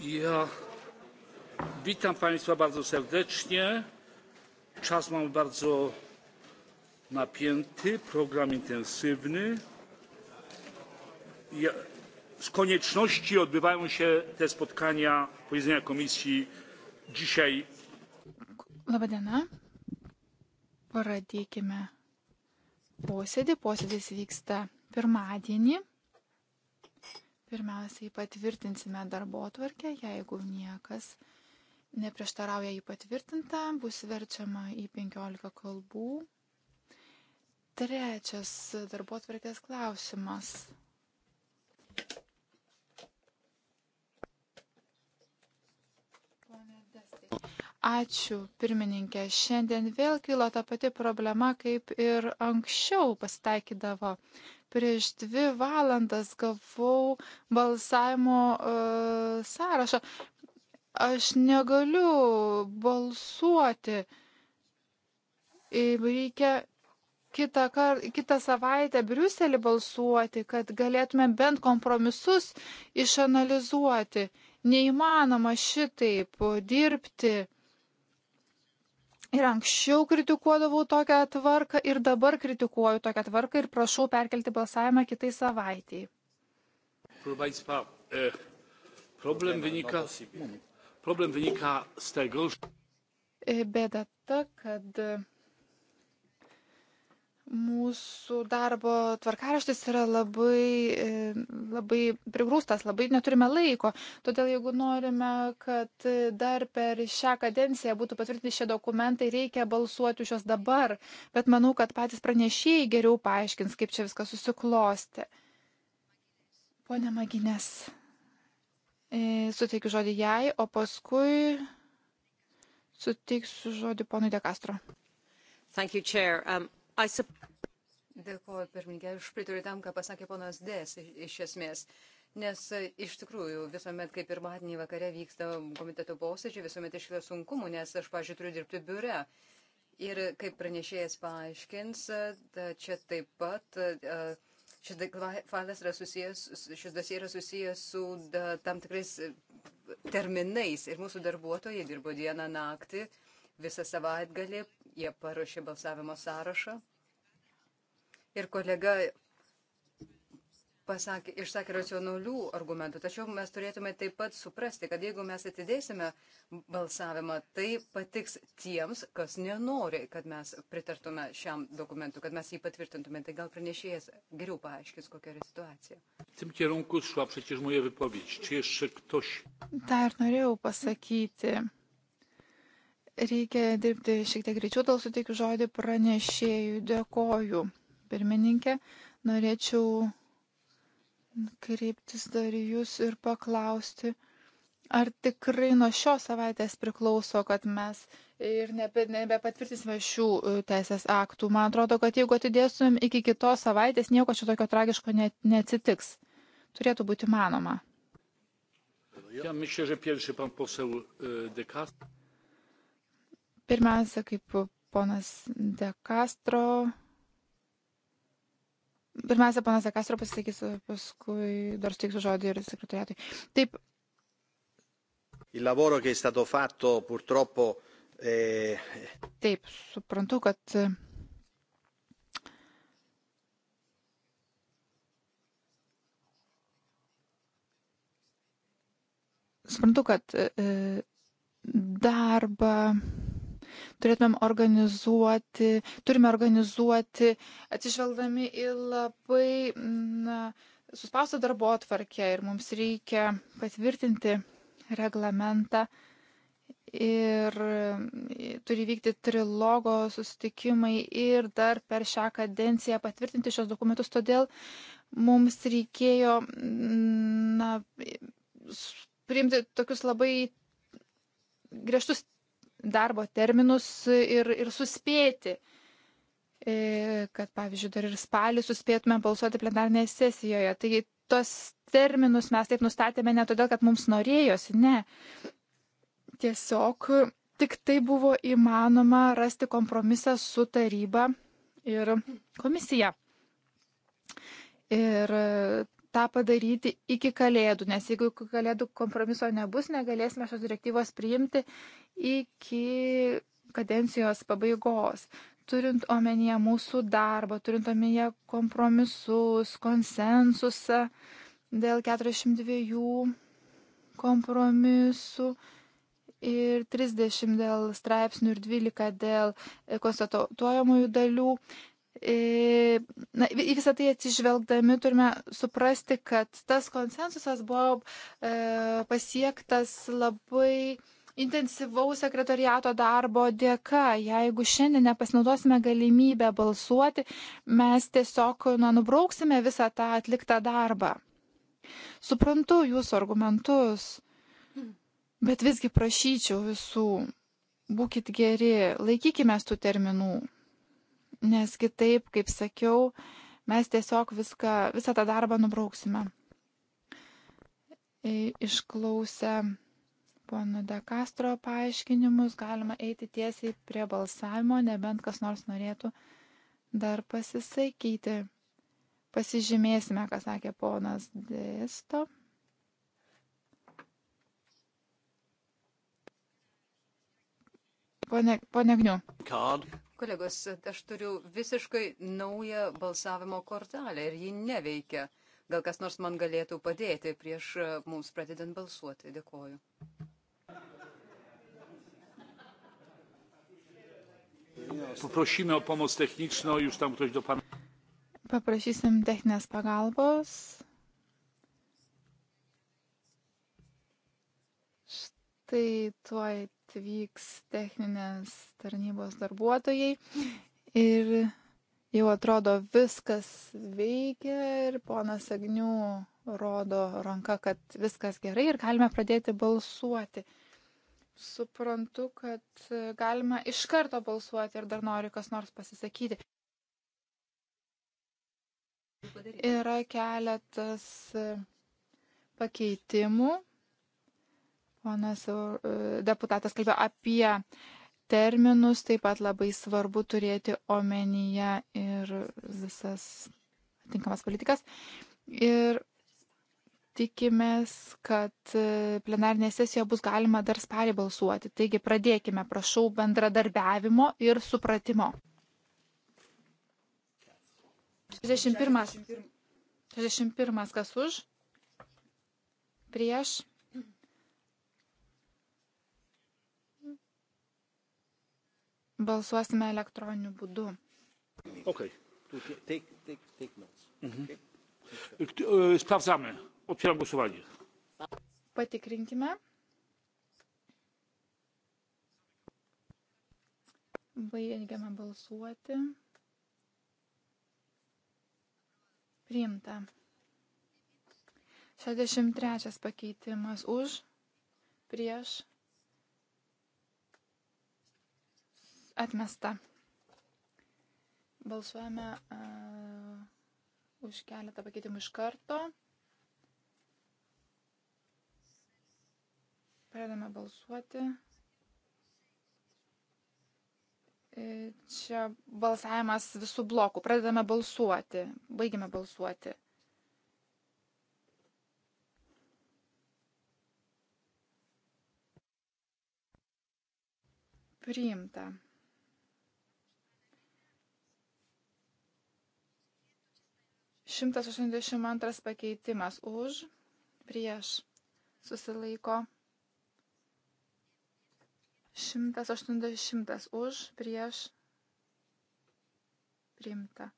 Ja witam Państwa bardzo serdecznie. Czas mamy bardzo napięty, program intensywny. Ja, z konieczności odbywają się te spotkania, posiedzenia komisji dzisiaj. Labą dieną. Pradėkime posėdį. Posėdis vyksta pirmadienį. Pirmiausiai patvirtinsime darbo tvarkę, jeigu niekas neprieštarauja jį patvirtintą, bus verčiama į 15 kalbų. Trečias darbo tvarkės klausimas. Ačiū, pirmininkė. Šiandien vėl kilo ta pati problema, kaip ir anksčiau pasitaikydavo. Prieš dvi valandas gavau balsavimo uh, sąrašą. Aš negaliu balsuoti. Reikia kitą, kar, kitą savaitę Briuselį balsuoti, kad galėtume bent kompromisus išanalizuoti. Neįmanoma šitaip dirbti. Ir anksčiau kritikuodavau tokią tvarką ir dabar kritikuoju tokią tvarką ir prašau perkelti balsavimą kitai savaitėjai. E, problem vynika, problem vynika z tego, że... E, bėda ta, kad Mūsų darbo tvarkaraštis yra labai, e, labai prigrūstas, labai neturime laiko. Todėl jeigu norime, kad dar per šią kadenciją būtų patvirtinti šie dokumentai, reikia balsuoti už juos dabar. Bet manau, kad patys pranešėjai geriau paaiškins, kaip čia viskas susiklosti. Pone Maginės, e, suteikiu žodį jai, o paskui suteiksiu žodį ponui Dekastro. Thank you, Chair. Um... Dėkuoju, pirmininkė, aš pritariu tam, ką pasakė ponas Dės iš esmės. Nes e, iš tikrųjų visuomet, kai pirmadienį vakare vyksta komiteto posėdžiai, visuomet iškyla sunkumų, nes aš, pažiūrėjau, turiu dirbti biure. Ir kaip pranešėjas paaiškins, e, čia taip pat e, šis failas yra susijęs, šis dosija yra susijęs su da, tam tikrais terminais. Ir mūsų darbuotojai dirbo dieną naktį, visą savaitgalį, Jie paruošė balsavimo sąrašą. Ir kolega pasakė, išsakė racionalių argumentų, tačiau mes turėtume taip pat suprasti, kad jeigu mes atidėsime balsavimą, tai patiks tiems, kas nenori, kad mes pritartume šiam dokumentu, kad mes jį patvirtintume. Tai gal pranešėjas geriau paaiškins, kokia yra situacija. Dar norėjau pasakyti Reikia dirbti šiek tiek greičiau, tol suteikiu žodį pranešėjų. Dėkoju, pirmininkė. Norėčiau kreiptis dar jūs ir paklausti, ar tikrai nuo šios savaitės priklauso, kad mes ir nebe, nebepatvirtinsime šių e, teisės aktų. Man atrodo, kad jeigu atidėsim iki kitos savaitės, nieko čia tokio tragiško ne, neatsitiks. Turėtų būti manoma. Ja myślę, że pierwszy pan poseł e, De Castro. Pirmiausia, kaip ponas De Castro. Pirmiausia, ponas De Castro pasisakys, paskui dar suteiksiu žodį ir sekretoriatui. Taip. Il lavoro che è stato fatto purtroppo. Eh... Taip, suprantu, kad. Suprantu, kad e, e, darbą Turėtumėm organizuoti, turime organizuoti, atsižvelgdami į labai na, mm, suspaustą darbo atvarkę ir mums reikia patvirtinti reglamentą. Ir e, turi vykti trilogo susitikimai ir dar per šią kadenciją patvirtinti šios dokumentus. Todėl mums reikėjo mm, na, priimti tokius labai griežtus darbo terminus ir, ir suspėti. E, kad, pavyzdžiui, dar ir spalį suspėtume balsuoti plenarnėje sesijoje. Taigi, tos terminus mes taip nustatėme ne todėl, kad mums norėjosi, ne. Tiesiog tik tai buvo įmanoma rasti kompromisą su taryba ir komisija. Ir tą padaryti iki kalėdų, nes jeigu iki kalėdų kompromiso nebus, negalėsime šios direktyvos priimti iki kadencijos pabaigos. Turint omenyje mūsų darbą, turint omenyje kompromisus, konsensusą dėl 42 kompromisų ir 30 dėl straipsnių ir 12 dėl konstatuojamųjų dalių. E, na, į visą tai atsižvelgdami turime suprasti, kad tas konsensusas buvo e, pasiektas labai intensyvaus sekretariato darbo dėka, jeigu šiandien nepasinaudosime galimybę balsuoti, mes tiesiog na, nubrauksime visą tą atliktą darbą. Suprantu jūsų argumentus, bet visgi prašyčiau visų, būkite geri, laikykime tų terminų, nes kitaip, kaip sakiau, mes tiesiog viską, visą tą darbą nubrauksime. Išklausę pono De Castro paaiškinimus, galima eiti tiesiai prie balsavimo, nebent kas nors norėtų dar pasisakyti. Pasižymėsime, ką sakė ponas Dėsto. Pone, pone Gniu. Kolegos, aš turiu visiškai naują balsavimo kortelę ir ji neveikia. Gal kas nors man galėtų padėti prieš mums pradedant balsuoti. Dėkuoju. Paprašysime o pomoc techničną, jūs tam ktoś do pana. Paprašysim techninės pagalbos. Štai tuoj atvyks techninės tarnybos darbuotojai ir jau atrodo viskas veikia ir ponas Agnių rodo ranka, kad viskas gerai ir galime pradėti balsuoti suprantu, kad e, galima iš karto balsuoti ir dar nori kas nors pasisakyti. Yra keletas e, pakeitimų. Ponas e, deputatas kalbėjo apie terminus, taip pat labai svarbu turėti omenyje ir visas tinkamas politikas. Ir tikimės, kad e, plenarinė sesija bus galima dar spalį balsuoti. Taigi pradėkime, prašau, bendradarbiavimo ir supratimo. 61. 61 kas už? Prieš? Balsuosime elektroniniu būdu. Okay. Take, take, take notes. Mhm. Okay. Mhm. Sprawdzamy. Otwieram głosowanie. Patikrinkime. Baigiame balsuoti. Priimta. 63 pakeitimas už, prieš, atmesta. Balsuojame uh, už keletą pakeitimų iš karto. Pradame balsuoti. E, čia balsavimas visų blokų. Pradedame balsuoti. Baigime balsuoti. Priimta. Šimtas aštuoniasdešimt antras pakeitimas už, prieš, susilaiko 180 už, prieš, priimta.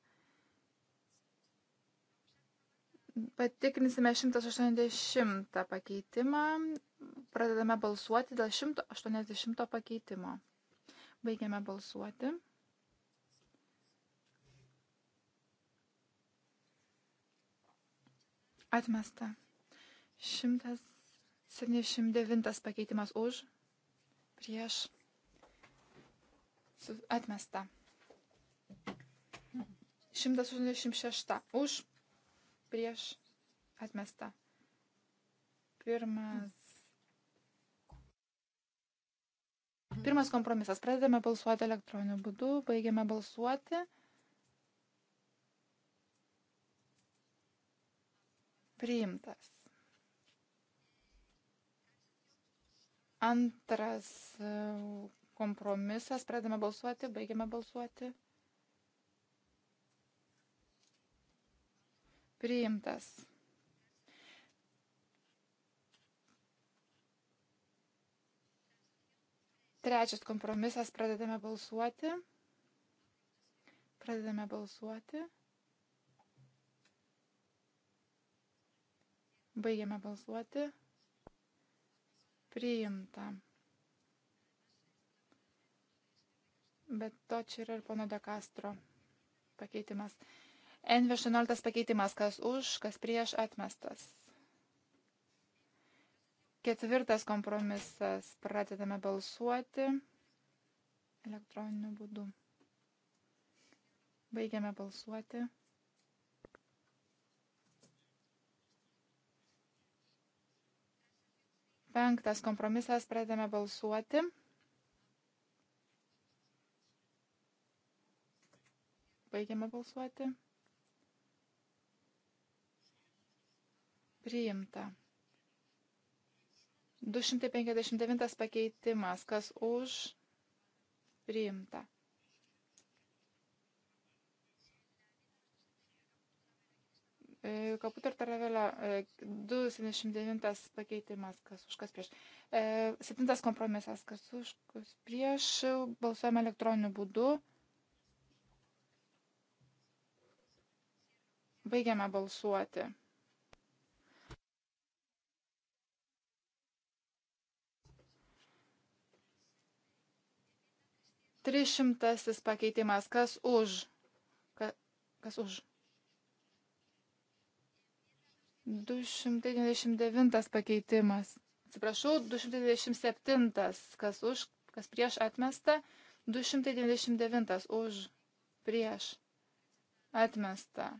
Patikrinsime 180 pakeitimą. Pradedame balsuoti dėl 180 pakeitimo. Baigiame balsuoti. Atmesta. 179 pakeitimas už prieš atmesta. 186 už prieš atmesta. Pirmas. Pirmas kompromisas. Pradedame balsuoti elektroniniu būdu, baigiame balsuoti. Priimtas. Antras e, kompromisas. Pradame balsuoti, baigiame balsuoti. Priimtas. Trečias kompromisas. Pradedame balsuoti. Pradedame balsuoti. Baigiame balsuoti priimta. Bet to čia yra ir pono De Castro pakeitimas. N11 pakeitimas, kas už, kas prieš atmestas. Ketvirtas kompromisas. Pradedame balsuoti elektroniniu būdu. Baigiame balsuoti. Penktas kompromisas pradedame balsuoti. Baigiame balsuoti. Priimta. 259 pakeitimas. Kas už? Priimta. Kaputo ir Taravelio 279 pakeitimas, kas už kas prieš. 7 e, kompromisas, kas už kas prieš. Balsuojame elektroniniu būdu. Baigiame balsuoti. Trišimtasis pakeitimas, kas už. Ka, kas už. 229 pakeitimas. Atsiprašau, 227. Kas už, kas prieš atmesta. 299 už, prieš atmesta.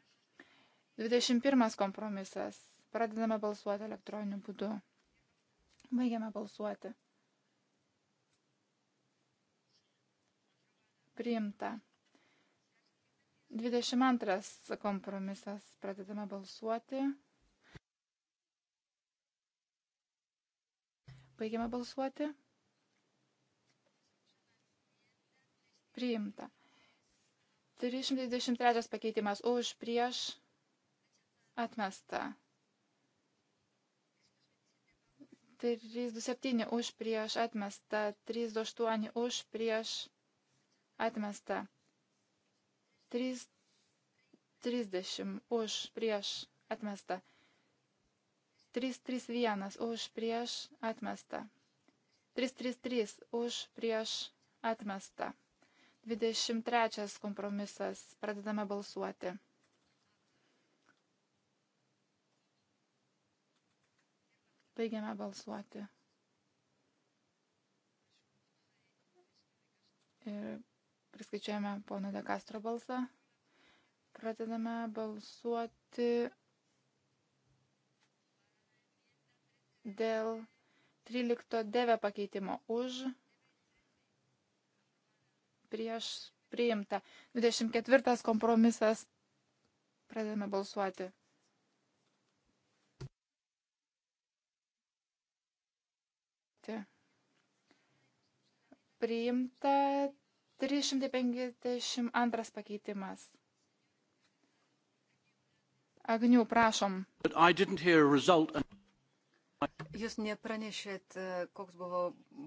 21 kompromisas. Pradedame balsuoti elektroniniu būdu. Baigiame balsuoti. Priimta. 22 kompromisas. Pradedame balsuoti. Baigiame balsuoti. Priimta. 323 pakeitimas už, prieš, atmesta. 327 už, prieš, atmesta. 328 už, prieš, atmesta. 330 už, prieš, atmesta. 331 už prieš atmestą. 333 už prieš atmestą. 23 kompromisas. Pradedame balsuoti. Baigiame balsuoti. Ir priskaičiuojame pono De Castro balsą. Pradedame balsuoti dėl 13 devė pakeitimo už prieš priimta. 24 kompromisas pradedame balsuoti. Priimta 352 pakeitimas. Agnių, prašom. But I didn't hear a result. And... Jūs nepranešėt, e, koks buvo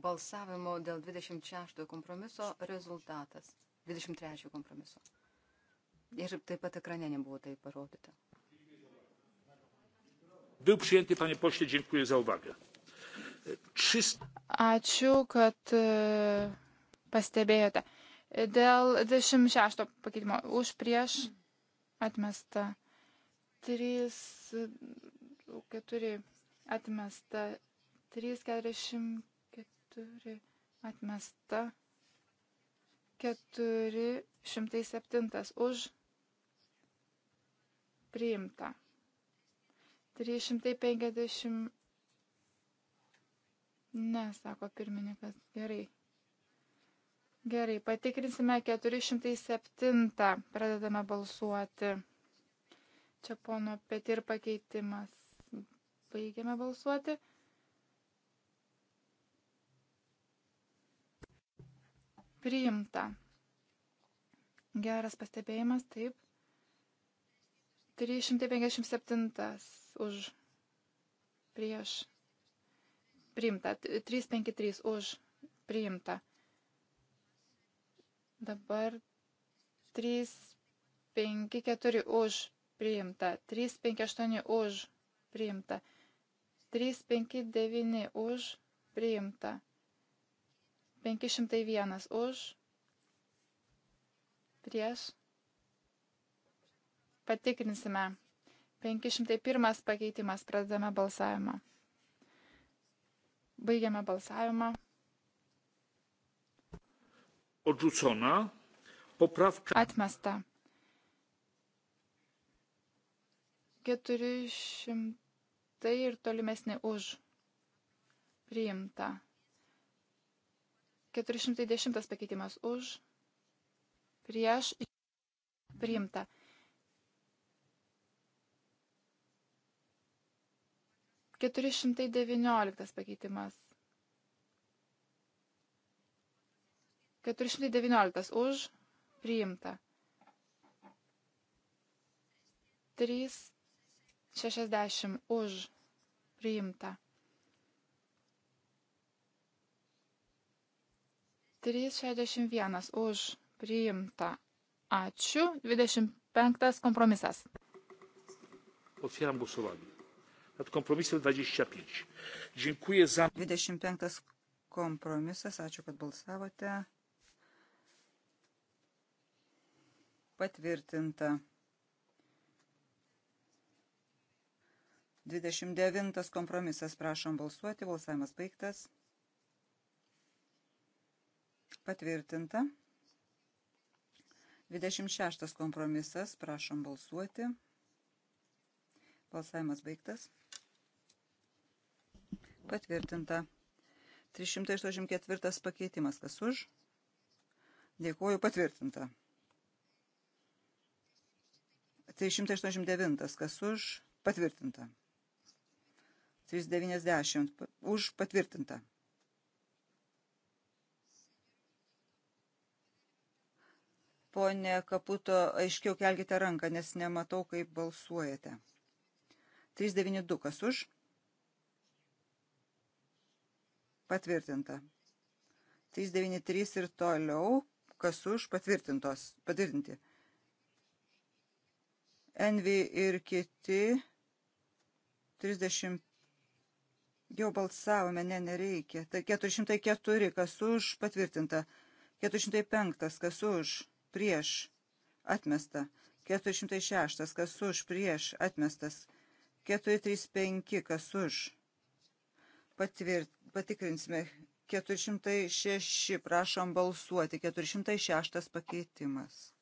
balsavimo dėl 26 kompromiso rezultatas, 23 kompromiso. Ir taip pat ekrane nebuvo tai parodyta. Był przyjęty, panie pośle, dziękuję za uwagę. E, Ačiū, kad e, pastebėjote. Dėl 26 pakeitimo už prieš atmesta 3, 4 atmesta. 344 atmesta. 407 už priimta. 350. Ne, sako pirmininkas. Gerai. Gerai, patikrinsime 407. Pradedame balsuoti. Čia pono Petir pakeitimas. Baigiame balsuoti. Priimta. Geras pastebėjimas, taip. 357 už prieš. Priimta. 353 už priimta. Dabar 354 už priimta. 358 už priimta. 359 už priimta. 501 už prieš. Patikrinsime. 501 pakeitimas. Pradedame balsavimą. Baigiame balsavimą. Odrzucona. Poprawka. Atmesta. 400 tai ir tolimesnė už priimta. 410 pakeitimas už prieš priimta. Keturi šimtai devynioliktas pakeitimas. Keturi šimtai devynioliktas už priimta. Trys 60 už priimta. 361 už priimta. Ačiū. 25 kompromisas. Otwieram głosowanie. Nad kompromisem 25. Dziękuję za. 25 kompromisas. Ačiū, kad balsavote. Patvirtinta. 29 kompromisas. Prašom balsuoti. Balsavimas baigtas. Patvirtinta. 26 kompromisas. Prašom balsuoti. Balsavimas baigtas. Patvirtinta. 384 pakeitimas. Kas už? Dėkuoju. Patvirtinta. 389. Kas už? Patvirtinta. 390 už patvirtintą. Pone Kaputo, aiškiau kelkite ranką, nes nematau, kaip balsuojate. 392 kas už? Patvirtinta. 393 ir toliau, kas už patvirtintos, patvirtinti. Envy ir kiti 35 Jau balsavome, ne, nereikia. Tai 404, kas už, patvirtinta. 405, kas už, prieš, atmesta. 406, kas už, prieš, atmestas. 435, kas už. Patvirt, patikrinsime. 406, prašom balsuoti. 406 pakeitimas.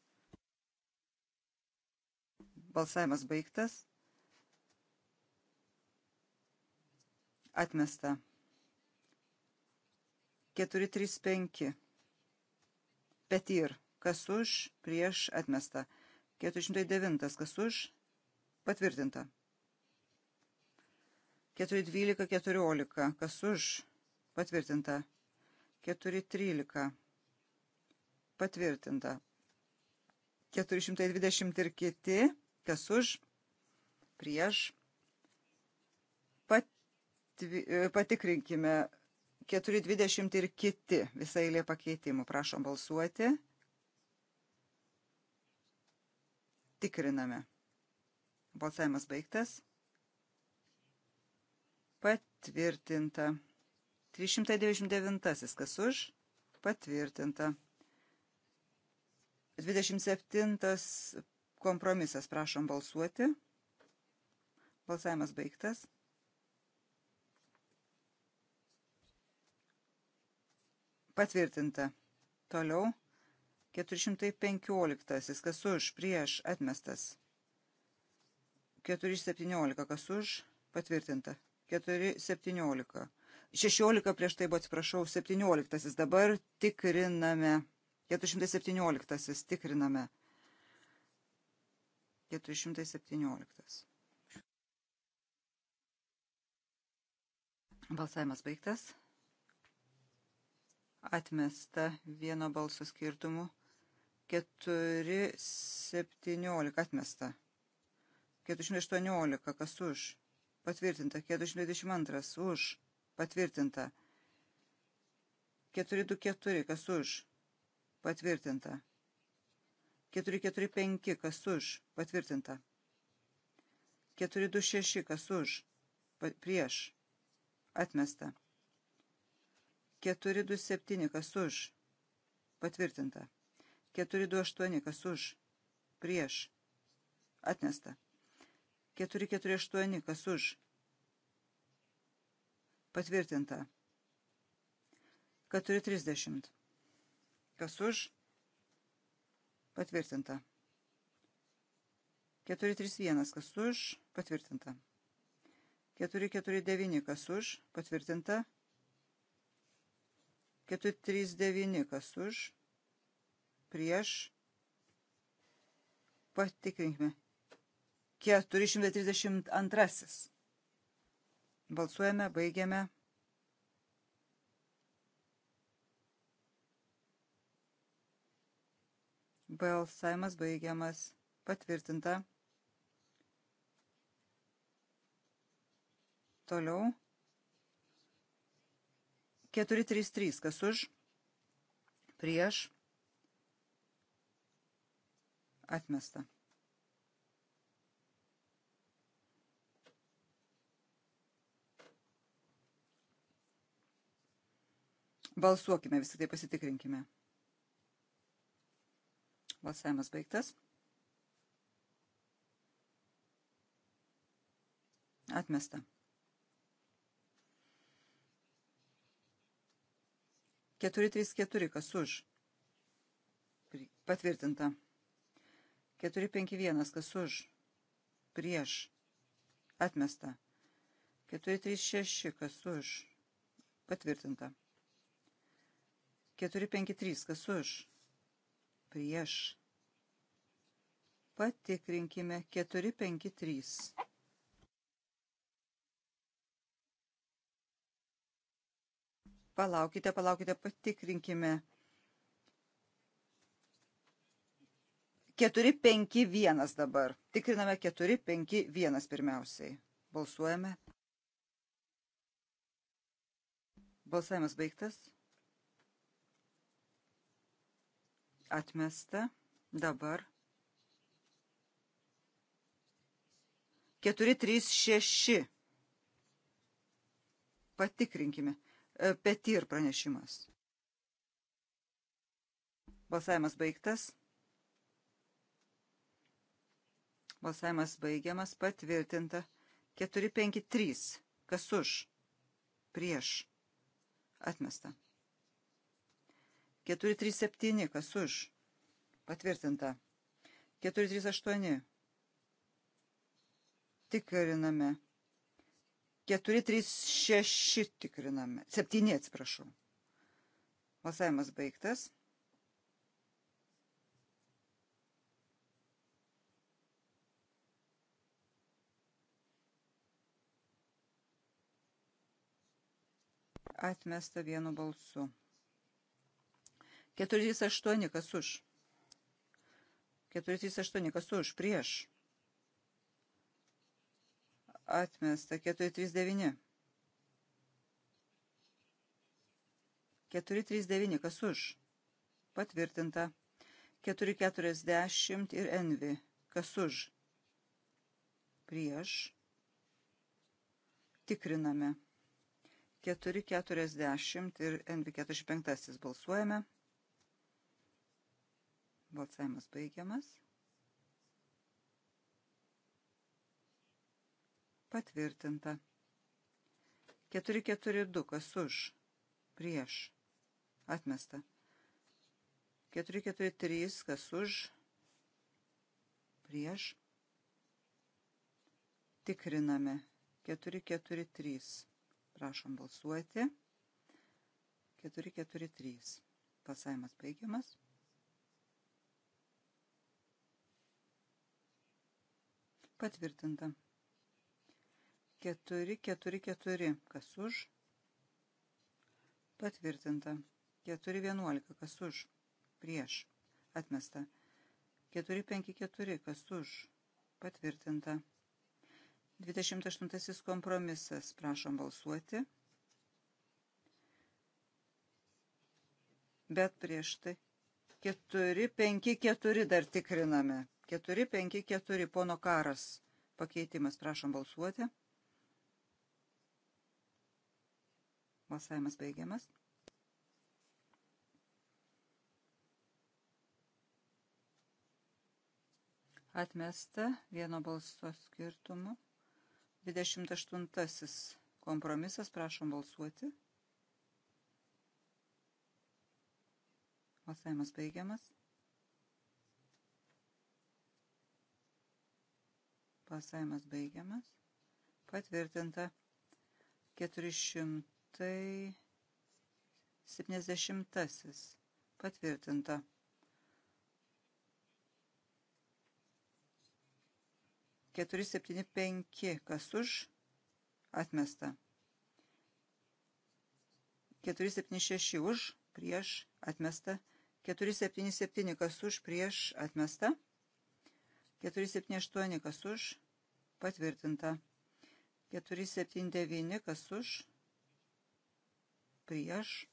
Balsavimas baigtas. Atmesta. 435. Petir. Kas už, prieš, atmesta. 409. Kas už, patvirtinta. 412, 14. Kas už, patvirtinta. 413. Patvirtinta. 420 ir kiti. Kas už, prieš, E, patikrinkime 4.20 ir kiti visą eilę pakeitimų. Prašom balsuoti. Tikriname. Balsavimas baigtas. Patvirtinta. 399. Kas už? Patvirtinta. 27. Kompromisas. Prašom balsuoti. Balsavimas baigtas. Patvirtinta. Toliau 415. Kas už, prieš, atmestas. 417. Kas už, patvirtinta. 417. 16 prieš tai buvo, atsiprašau, 17. Dabar tikriname. 417. Tikriname. 417. Balsavimas baigtas atmesta vieno balso skirtumu. 417 atmesta. 418 kas už. Patvirtinta. 422 už. Patvirtinta. 424 kas už. Patvirtinta. 445 kas už. Patvirtinta. 426 kas už. Pa prieš. Atmesta. 427 kas už. Patvirtinta. 428 kas už. Prieš. Atmesta. 448 kas už. Patvirtinta. 430. Kas už? Patvirtinta. 431. Kas už? Patvirtinta. 449. Kas už? Patvirtinta. 439 kas už, prieš, patikrinkime, 432. Balsuojame, baigiame. Balsavimas baigiamas. Patvirtinta. Toliau. 433, kas už, prieš, atmesta. Balsuokime, vis tik tai pasitikrinkime. Balsavimas baigtas. Atmesta. 434, kas už. Patvirtinta. 451, kas už. Prieš. Atmesta. 436, kas už. Patvirtinta. 453, kas už. Prieš. Patikrinkime 453. Palaukite, palaukite, patikrinkime. 4-5-1 dabar. Tikriname 4-5-1 pirmiausiai. Balsuojame. Balsavimas baigtas. Atmesta. Dabar. 4-3-6. Patikrinkime. 4-3-6. E, Petir pranešimas. Balsavimas baigtas. Balsavimas baigiamas, patvirtinta. 453. Kas už? Prieš. Atmesta. 437. Kas už? Patvirtinta. 438. Tikriname. 4, 3, 6 tikriname. 7, atsiprašau. Balsavimas baigtas. Atmesta vienu balsu. 438 kas už. 438 kas už prieš Atmesta 439. 439, kas už? Patvirtinta. 440 ir envi, kas už? Prieš. Tikriname. 440 ir envi 45 balsuojame. Balsavimas baigiamas. Patvirtinta. 442 kas už. Prieš. Atmesta. 443 kas už. Prieš. Tikriname. 443. Prašom balsuoti. 443. Pasavimas baigiamas. Patvirtinta. 4, 4, 4. Kas už? Patvirtinta. 4, 11. Kas už? Prieš. Atmesta. 4, 5, 4. Kas už? Patvirtinta. 28 kompromisas. Prašom balsuoti. Bet prieš tai 4, 5, 4 dar tikriname. 4, 5, 4 pono karas. Pakeitimas. Prašom balsuoti. Balsavimas baigiamas. Atmesta vieno balso skirtumu. 28 kompromisas, prašom balsuoti. Balsavimas baigiamas. Balsavimas baigiamas. Patvirtinta 400. 170. Tai Patvirtinta. Keturi septyni penki. Kas už? Atmesta. Keturi septyni šeši už. Prieš. Atmesta. Keturi septyni septyni. Kas už? Prieš. Atmesta. Keturi septyni aštuoni. Kas už? Patvirtinta. Keturi septyni devyni. Kas už? Atmesta prieš.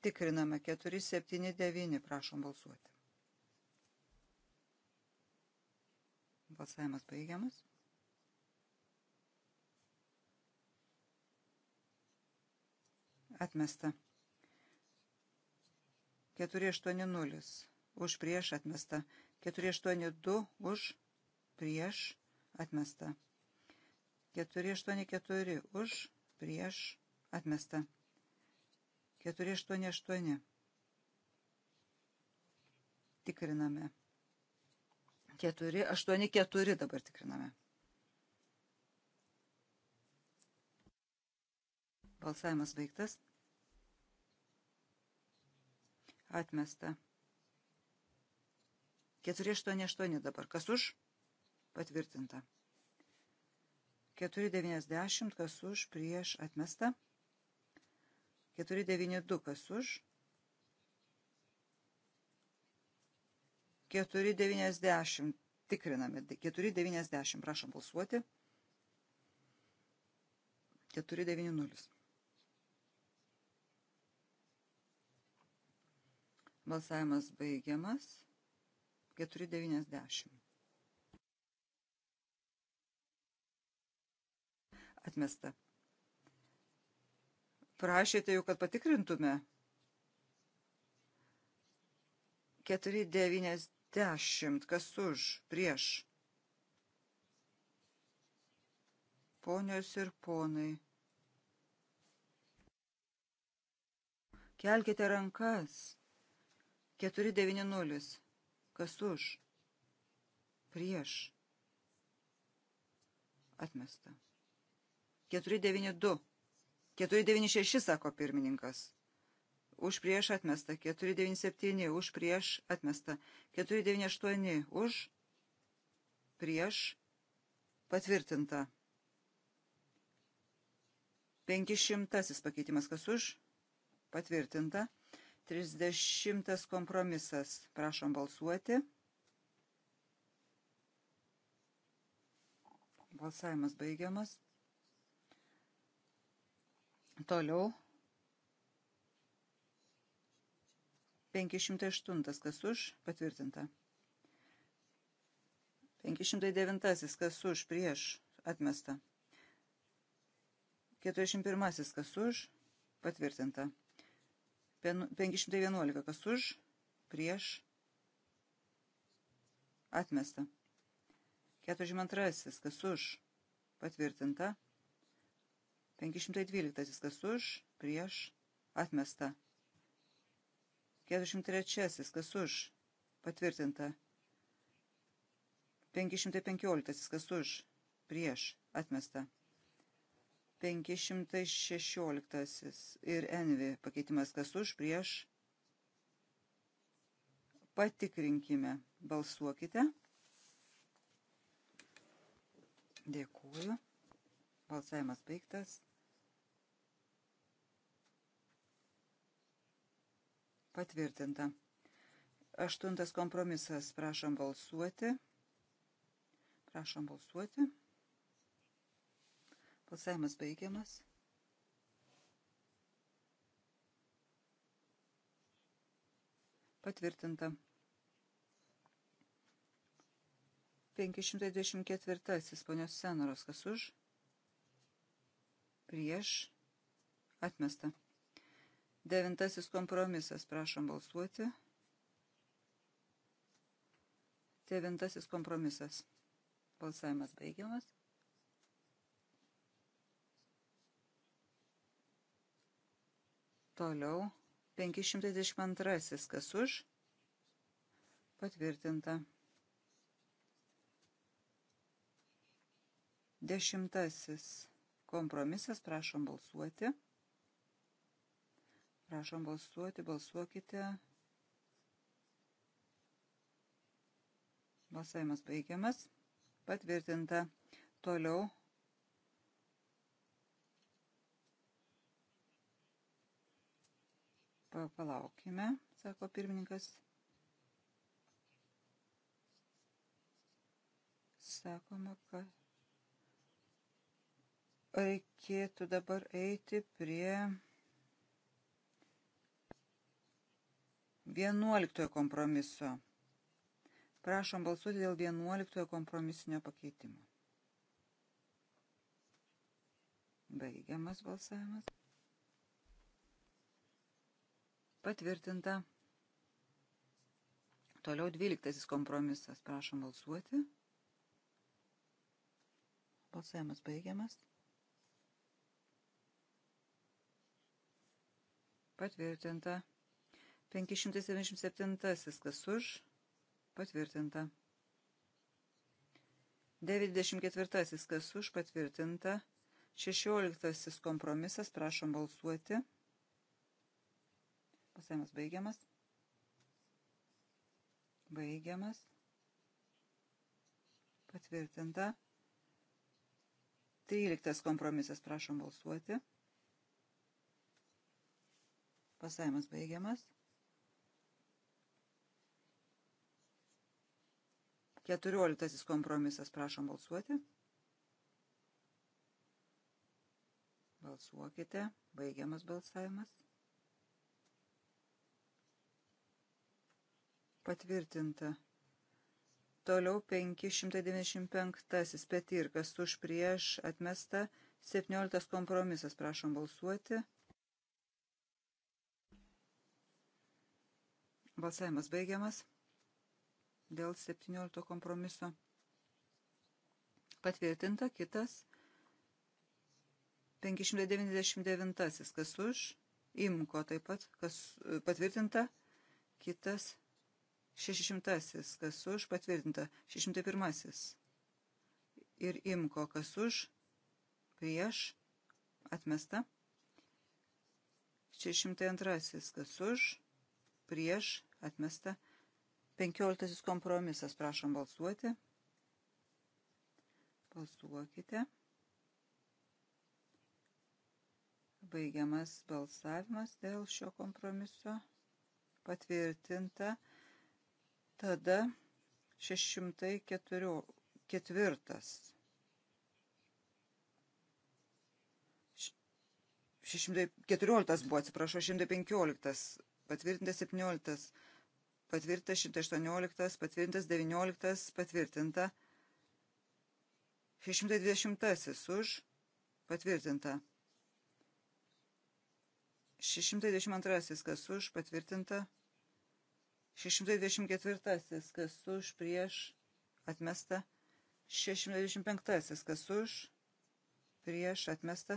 Tai tikriname 479, prašom balsuoti. Balsavimas baigiamas. Atmesta. 480 už prieš atmesta. 482 už prieš atmesta. 484 už prieš atmesta. 488. Tikriname. 484 dabar tikriname. Balsavimas baigtas. Atmesta. 488 dabar. Kas už? Patvirtinta. 490. Kas už? Prieš atmesta. 492 kas už. 490 tikriname. 490 prašom balsuoti. 490. Balsavimas baigiamas. 490. Atmesta prašėte jau, kad patikrintume. 490. Kas už? Prieš. Ponios ir ponai. Kelkite rankas. 490. Kas už? Prieš. Atmesta. 492. 496 sako pirmininkas. Už prieš atmesta. 497 už prieš atmesta. 498 už prieš patvirtinta. 500 pakeitimas kas už patvirtinta. 30 kompromisas. Prašom balsuoti. Balsavimas baigiamas. Toliau 508 kas už patvirtinta. 509 kas už prieš atmesta. 401 kas už patvirtinta. 511 kas už prieš atmesta. 42 kas už patvirtinta. 512 kas už, prieš, atmesta. 43 kas už, patvirtinta. 515 kas už, prieš, atmesta. 516 ir Envi pakeitimas kas už, prieš. Patikrinkime, balsuokite. Dėkuoju. Balsavimas baigtas. Patvirtinta. Aštuntas kompromisas. Prašom balsuoti. Prašom balsuoti. Balsavimas baigiamas. Patvirtinta. 524. Ponios Senoros, kas už? Prieš. Atmesta. Devintasis kompromisas. Prašom balsuoti. Devintasis kompromisas. Balsavimas baigiamas. Toliau 522. Kas už? Patvirtinta. Dešimtasis kompromisas. Prašom balsuoti. Prašom balsuoti, balsuokite. Balsavimas baigiamas. Patvirtinta. Toliau. Palaukime, sako pirmininkas. Sakoma, kad reikėtų dabar eiti prie 11 kompromiso. Prašom balsuoti dėl 11 kompromisinio pakeitimo. Baigiamas balsavimas. Patvirtinta. Toliau 12 kompromisas. Prašom balsuoti. Balsavimas baigiamas. Patvirtinta. 577 kas už patvirtinta. 94 kas už patvirtinta. 16 kompromisas prašom balsuoti. Pasėmas baigiamas. Baigiamas. Patvirtinta. 13 kompromisas prašom balsuoti. Pasavimas baigiamas. Keturioliktasis kompromisas, prašom balsuoti. Balsuokite, baigiamas balsavimas. Patvirtinta. Toliau 595. Petirkas už prieš atmesta. 17. Kompromisas. Prašom balsuoti. Balsavimas baigiamas dėl 17 kompromiso. Patvirtinta kitas 599, kas už, imko taip pat, kas e, patvirtinta, kitas 600, kas už, patvirtinta, 601. Ir imko, kas už, prieš, atmesta. 602, kas už, prieš, atmesta. Penkioliktasis kompromisas. Prašom balsuoti. Balsuokite. Baigiamas balsavimas dėl šio kompromiso. Patvirtinta. Tada 604. 614 buvo, atsiprašau, 615. Patvirtinta 17 patvirtintas 118, patvirtintas 19, patvirtinta 620 už, patvirtinta 622 kas už, patvirtinta 624 kas už, prieš, atmesta 625 kas už, prieš, atmesta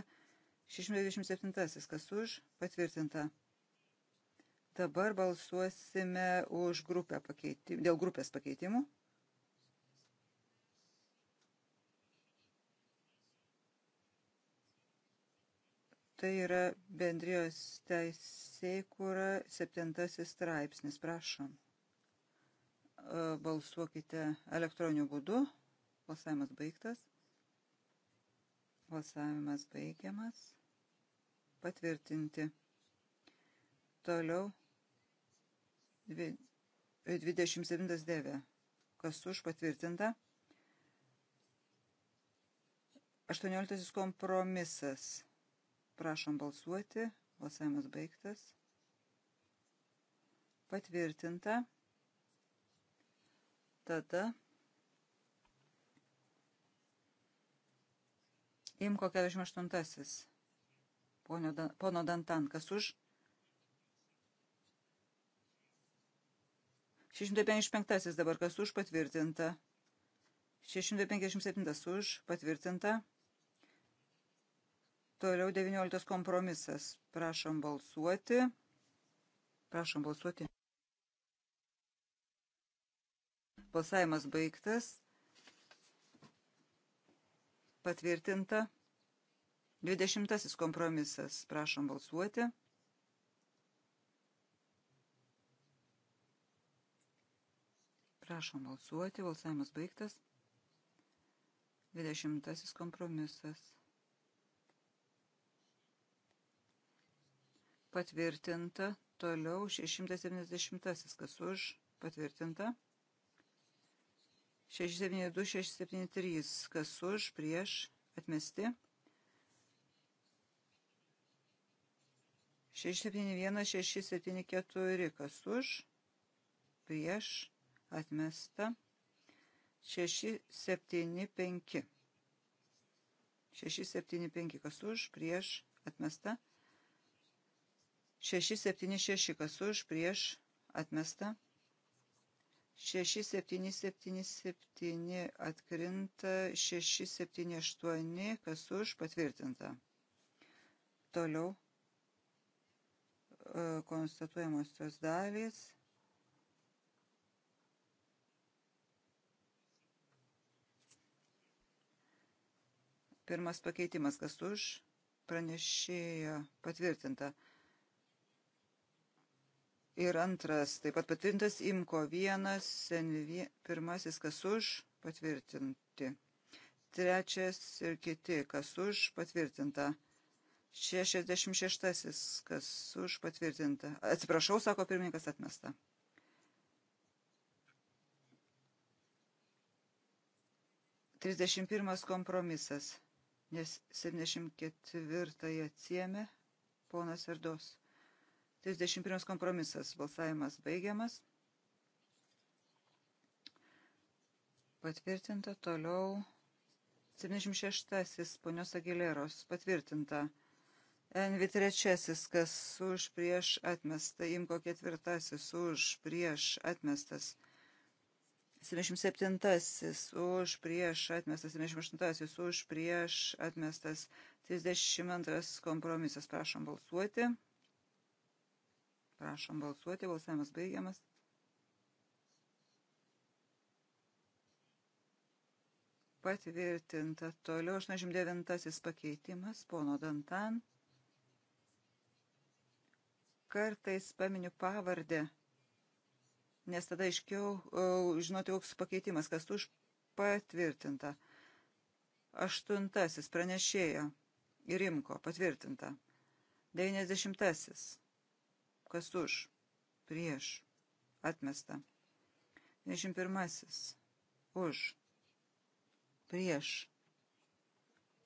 627 kas už, patvirtinta 628 Dabar balsuosime už grupę pakeitimų, dėl grupės pakeitimų. Tai yra bendrijos teisėkūra septintasis straipsnis. Prašom. E, balsuokite elektroniniu būdu. Balsavimas baigtas. Balsavimas baigiamas. Patvirtinti. Toliau 27 devė. Kas už patvirtinta? 18 kompromisas. Prašom balsuoti. Balsavimas baigtas. Patvirtinta. Tada. Imko 48. Pono Dantan, kas už? 655 dabar kas už patvirtinta. 657 už patvirtinta. Toliau 19 kompromisas. Prašom balsuoti. Prašom balsuoti. Balsavimas baigtas. Patvirtinta. 20 kompromisas. Prašom balsuoti. Prašom balsuoti. Balsavimas baigtas. 20 kompromisas. Patvirtinta. Toliau 670. Kas už? Patvirtinta. 672, 673. Kas už? Prieš? Atmesti. 671, 674. Kas už? Prieš? atmesta. 6, 7, 5. 6, 7, 5, kas už, prieš, atmesta. 6, 7, 6, kas už, prieš, atmesta. 6, 7, 7, 7 atkrinta, 6, 7, 8, kas už, patvirtinta. Toliau e, konstatuojamosios dalys Pirmas pakeitimas, kas už, pranešėjo patvirtinta. Ir antras, taip pat patvirtintas, imko vienas, senvi, pirmasis, kas už, patvirtinti. Trečias ir kiti, kas už, patvirtinta. 66, kas už patvirtinta. Atsiprašau, sako pirmininkas atmesta. Trisdešimt pirmas kompromisas nes 74 atsiemė ponas Erdos. 31 kompromisas. Balsavimas baigiamas. Patvirtinta toliau 76 ponios Agileros. Patvirtinta. Envi trečiasis, kas už prieš atmestą, imko ketvirtasis už prieš atmestas. 77 už prieš atmestas, 78 už prieš atmestas, 32 kompromisas. Prašom balsuoti. Prašom balsuoti, balsavimas baigiamas. Patvirtinta toliau 89 pakeitimas, pono Dantan. Kartais paminiu pavardę nes tada aiškiau e, žinoti, koks pakeitimas, kas už patvirtinta. Aštuntasis pranešėjo ir rimko patvirtinta. Devyniasdešimtasis. Kas už? Prieš. Atmesta. Devyniasdešimt pirmasis. Už. Prieš.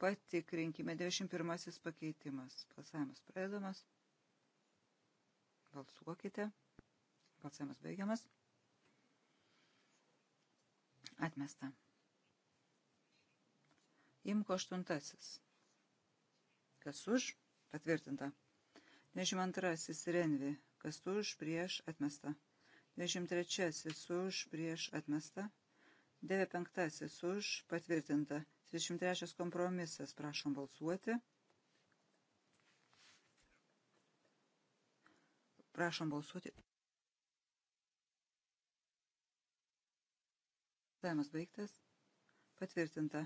Patikrinkime. 91 pakeitimas. Balsavimas pradedamas. Balsuokite. Balsavimas baigiamas. Atmesta. Imko aštuntasis. Kas už? Patvirtinta. 22. Renvi. Kas už? Prieš atmesta. 23. Už? Prieš atmesta. 95. Už? Patvirtinta. 23. Kompromisas. Prašom balsuoti. Prašom balsuoti. Stavimas baigtas. Patvirtinta.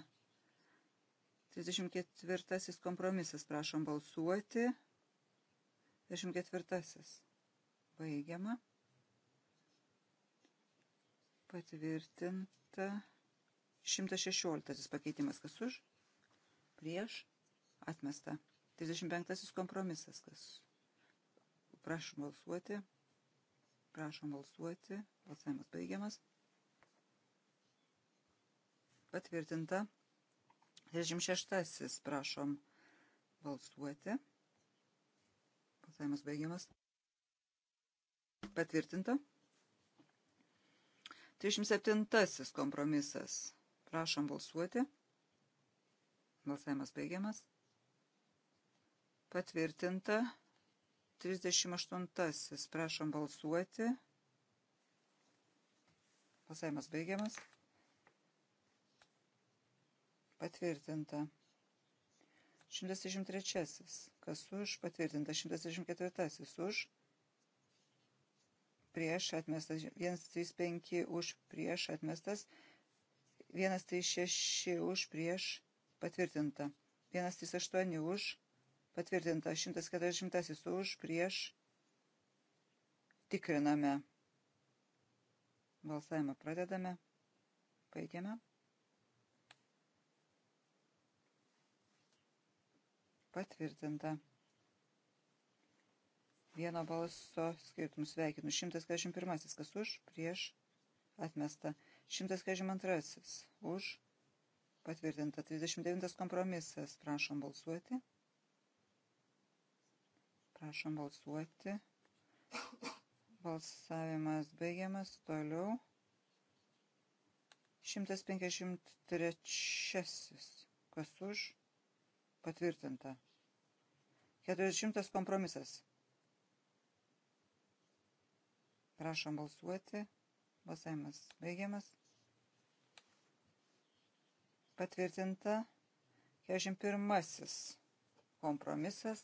34 kompromisas. Prašom balsuoti. 24. Baigiama. Patvirtinta. 116 pakeitimas. Kas už? Prieš. Atmesta. 35 kompromisas. Kas? Prašom balsuoti. Prašom balsuoti. Balsavimas baigiamas patvirtinta. 36. Prašom balsuoti. Balsavimas baigiamas. Patvirtinta. 37. Kompromisas. Prašom balsuoti. Balsavimas baigiamas. Patvirtinta. 38. Prašom balsuoti. Balsavimas baigiamas patvirtinta. 163. Kas už patvirtinta. 164. Už prieš atmestas. 135 už prieš atmestas. 136 už prieš patvirtinta. 138 už patvirtinta. 140 už prieš tikriname. Balsavimą pradedame. Baigiame. patvirtinta. Vieno balso skirtumų sveikinu. 141. Kas už? Prieš. Atmesta. 142. Už. Patvirtinta. 39. Kompromisas. Prašom balsuoti. Prašom balsuoti. Balsavimas baigiamas. Toliau. 153. Kas už? Patvirtinta. 400 kompromisas. Prašom balsuoti. Balsavimas baigiamas. Patvirtinta 41 kompromisas.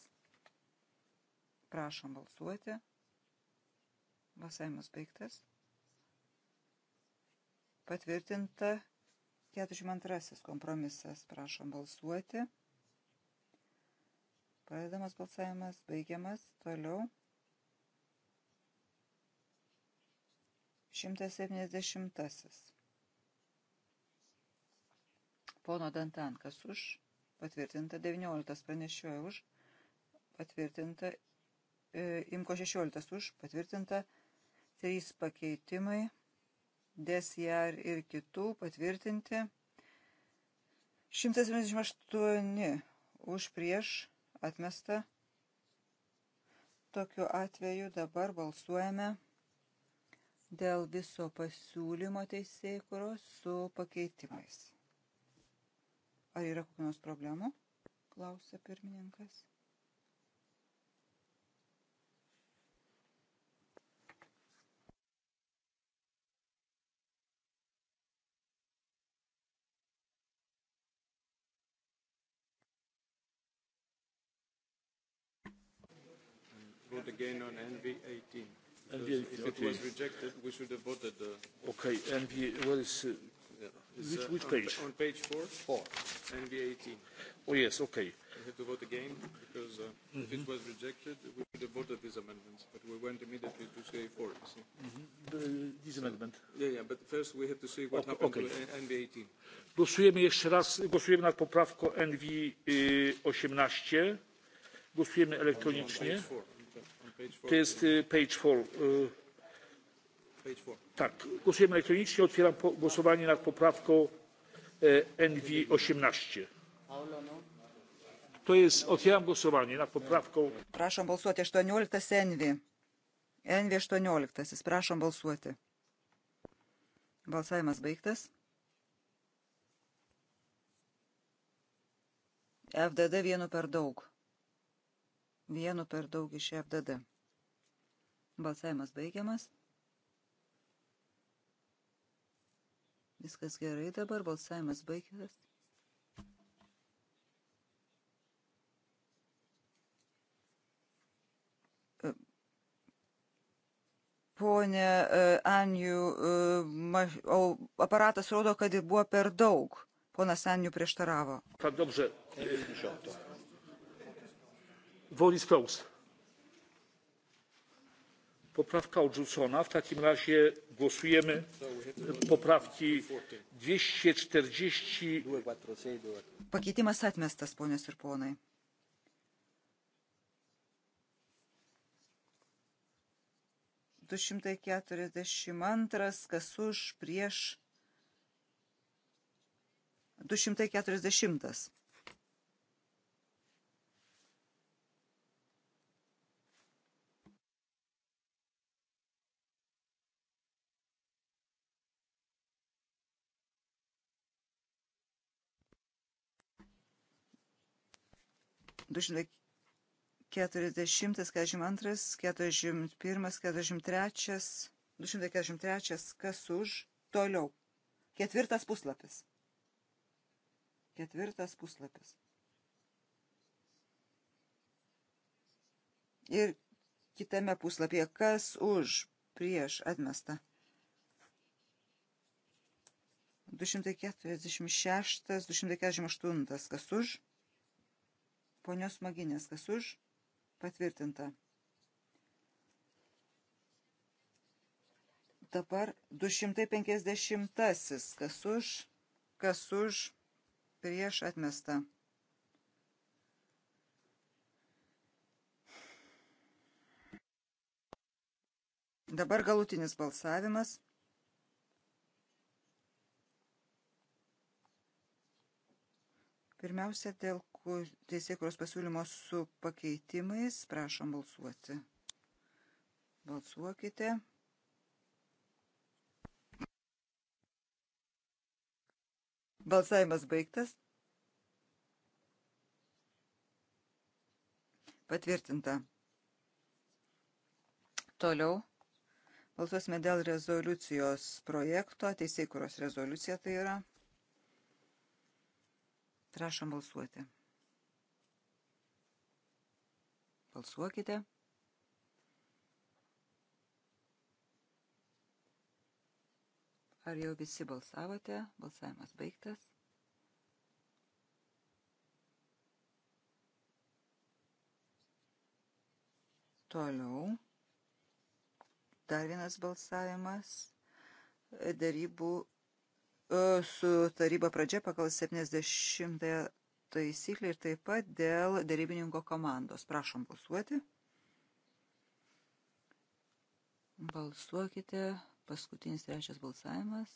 Prašom balsuoti. Balsavimas baigtas. Patvirtinta 42 kompromisas. Prašom balsuoti. Pradedamas balsavimas, baigiamas, toliau. 170. Pono Dantan, kas už? Patvirtinta 19 pranešioja už. Patvirtinta e, Imko 16 už. Patvirtinta 3 pakeitimai. Desjar ir kitų patvirtinti. 178 už prieš atmesta. Tokiu atveju dabar balsuojame dėl viso pasiūlymo teisėkuros su pakeitimais. Ar yra kokios problemų? Klausia pirmininkas. put again on NV 18. NV 18. If it was rejected, we should have voted. Uh, okay, NV, where is... Uh, yeah. Which, uh, which page? On, on page 4. 4. NV 18. Oh, yes, okay. We had to vote again because uh, mm-hmm. if it mm-hmm. was rejected, we would have voted these amendments, but we went immediately to say 4, you see. Mm-hmm. This so, amendment. Yeah, yeah, but first we have to see what okay, happened okay. to NV 18. Głosujemy jeszcze raz, głosujemy nad poprawką NV 18. Głosujemy elektronicznie. On, on To jest page 4. Tak, głosujemy elektronicznie. Otwieram głosowanie nad poprawką e, NV 18. To jest, otwieram głosowanie nad poprawką. Prašom balsuoti 18 NV. NV 18, prašom balsuoti. Balsavimas baigtas. FDD vienu per daug vienu per daug iš FDD. Balsavimas baigiamas. Viskas gerai dabar, balsavimas baigtas. Pone Anijų, aparatas rodo, kad buvo per daug. Ponas Anijų prieštaravo. Kad dobrze, vote is closed. poprawka odrzucona w takim razie głosujemy poprawki dwieście czterdzieści pakeitimas atmestas ponios ir ponai du šimtai keturiasdešimt antras kas už prieš du šimtai keturiasdešimtas 240, 42, 41, 43, 243, kas už, toliau. Ketvirtas puslapis. Ketvirtas puslapis. Ir kitame puslapyje, kas už, prieš, atmesta. 246, 248, kas už, Ponios Maginės, kas už? Patvirtinta. Dabar 250-asis, kas už, kas už, prieš atmestą. Dabar galutinis balsavimas. Pirmiausia, dėl teisėkuros pasiūlymo su pakeitimais. Prašom balsuoti. Balsuokite. Balsavimas baigtas. Patvirtinta. Toliau balsuosime dėl rezoliucijos projekto, teisėkuros rezoliucija tai yra. Prašom balsuoti. Balsuokite. Ar jau visi balsavote? Balsavimas baigtas. Toliau. Dar vienas balsavimas. Darybų e, su taryba pradžia pagal 70 taisyklių ir taip pat dėl dėrybininko komandos. Prašom balsuoti. Balsuokite. Paskutinis trečias balsavimas.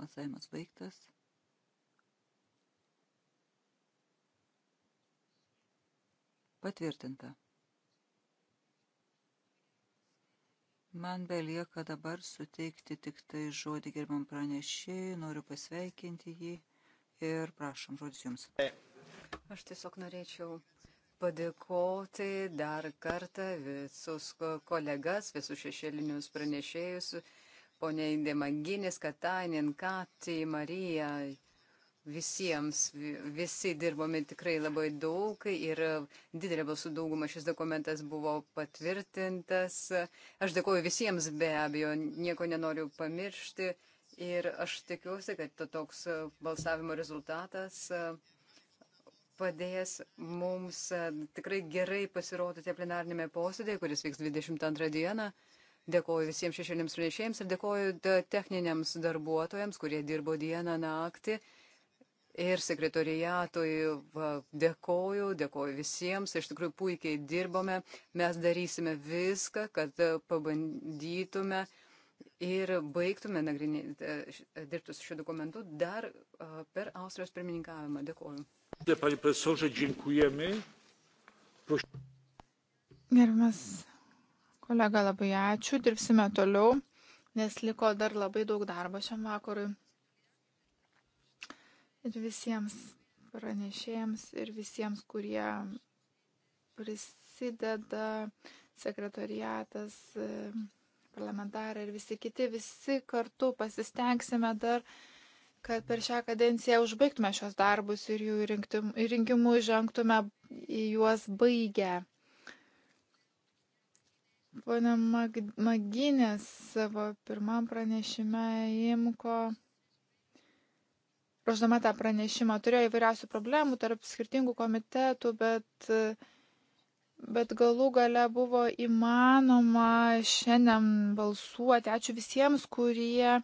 Balsavimas baigtas. Patvirtinta. Man belieka dabar suteikti tik tai žodį gerbiam pranešėjai, noriu pasveikinti jį ir prašom žodis jums. Aš tiesiog norėčiau padėkoti dar kartą visus kolegas, visus šešėlinius pranešėjus, ponia Indemaginis, Katainin, Kati, Marija, visiems, visi dirbome tikrai labai daug ir didelė balsų dauguma šis dokumentas buvo patvirtintas. Aš dėkoju visiems be abejo, nieko nenoriu pamiršti. Ir aš tikiuosi, kad to toks e, balsavimo rezultatas e, padės mums e, tikrai gerai pasirodyti plenarnėme posėdėje, kuris vyks 22 dieną. Dėkoju visiems šešėlėms pranešėjams ir dėkoju techniniams darbuotojams, kurie dirbo dieną naktį. Ir sekretorijatui dėkoju, dėkoju visiems, iš tikrųjų puikiai dirbome, mes darysime viską, kad pabandytume ir baigtume e, e, dirbti su šiuo dokumentu dar e, per Austrijos pirmininkavimą. Dėkuoju. Gerbiamas kolega, labai ačiū. Dirbsime toliau, nes liko dar labai daug darbo šiam vakarui. Ir visiems pranešėjams, ir visiems, kurie prisideda, sekretariatas. E, parlamentarai ir visi kiti, visi kartu pasistengsime dar, kad per šią kadenciją užbaigtume šios darbus ir jų rinkimų žengtume į juos baigę. Pone Mag Maginės savo pirmam pranešime įimko. Ruoždama tą pranešimą turėjo įvairiausių problemų tarp skirtingų komitetų, bet uh, bet galų gale buvo įmanoma šiandien balsuoti. Ačiū visiems, kurie e,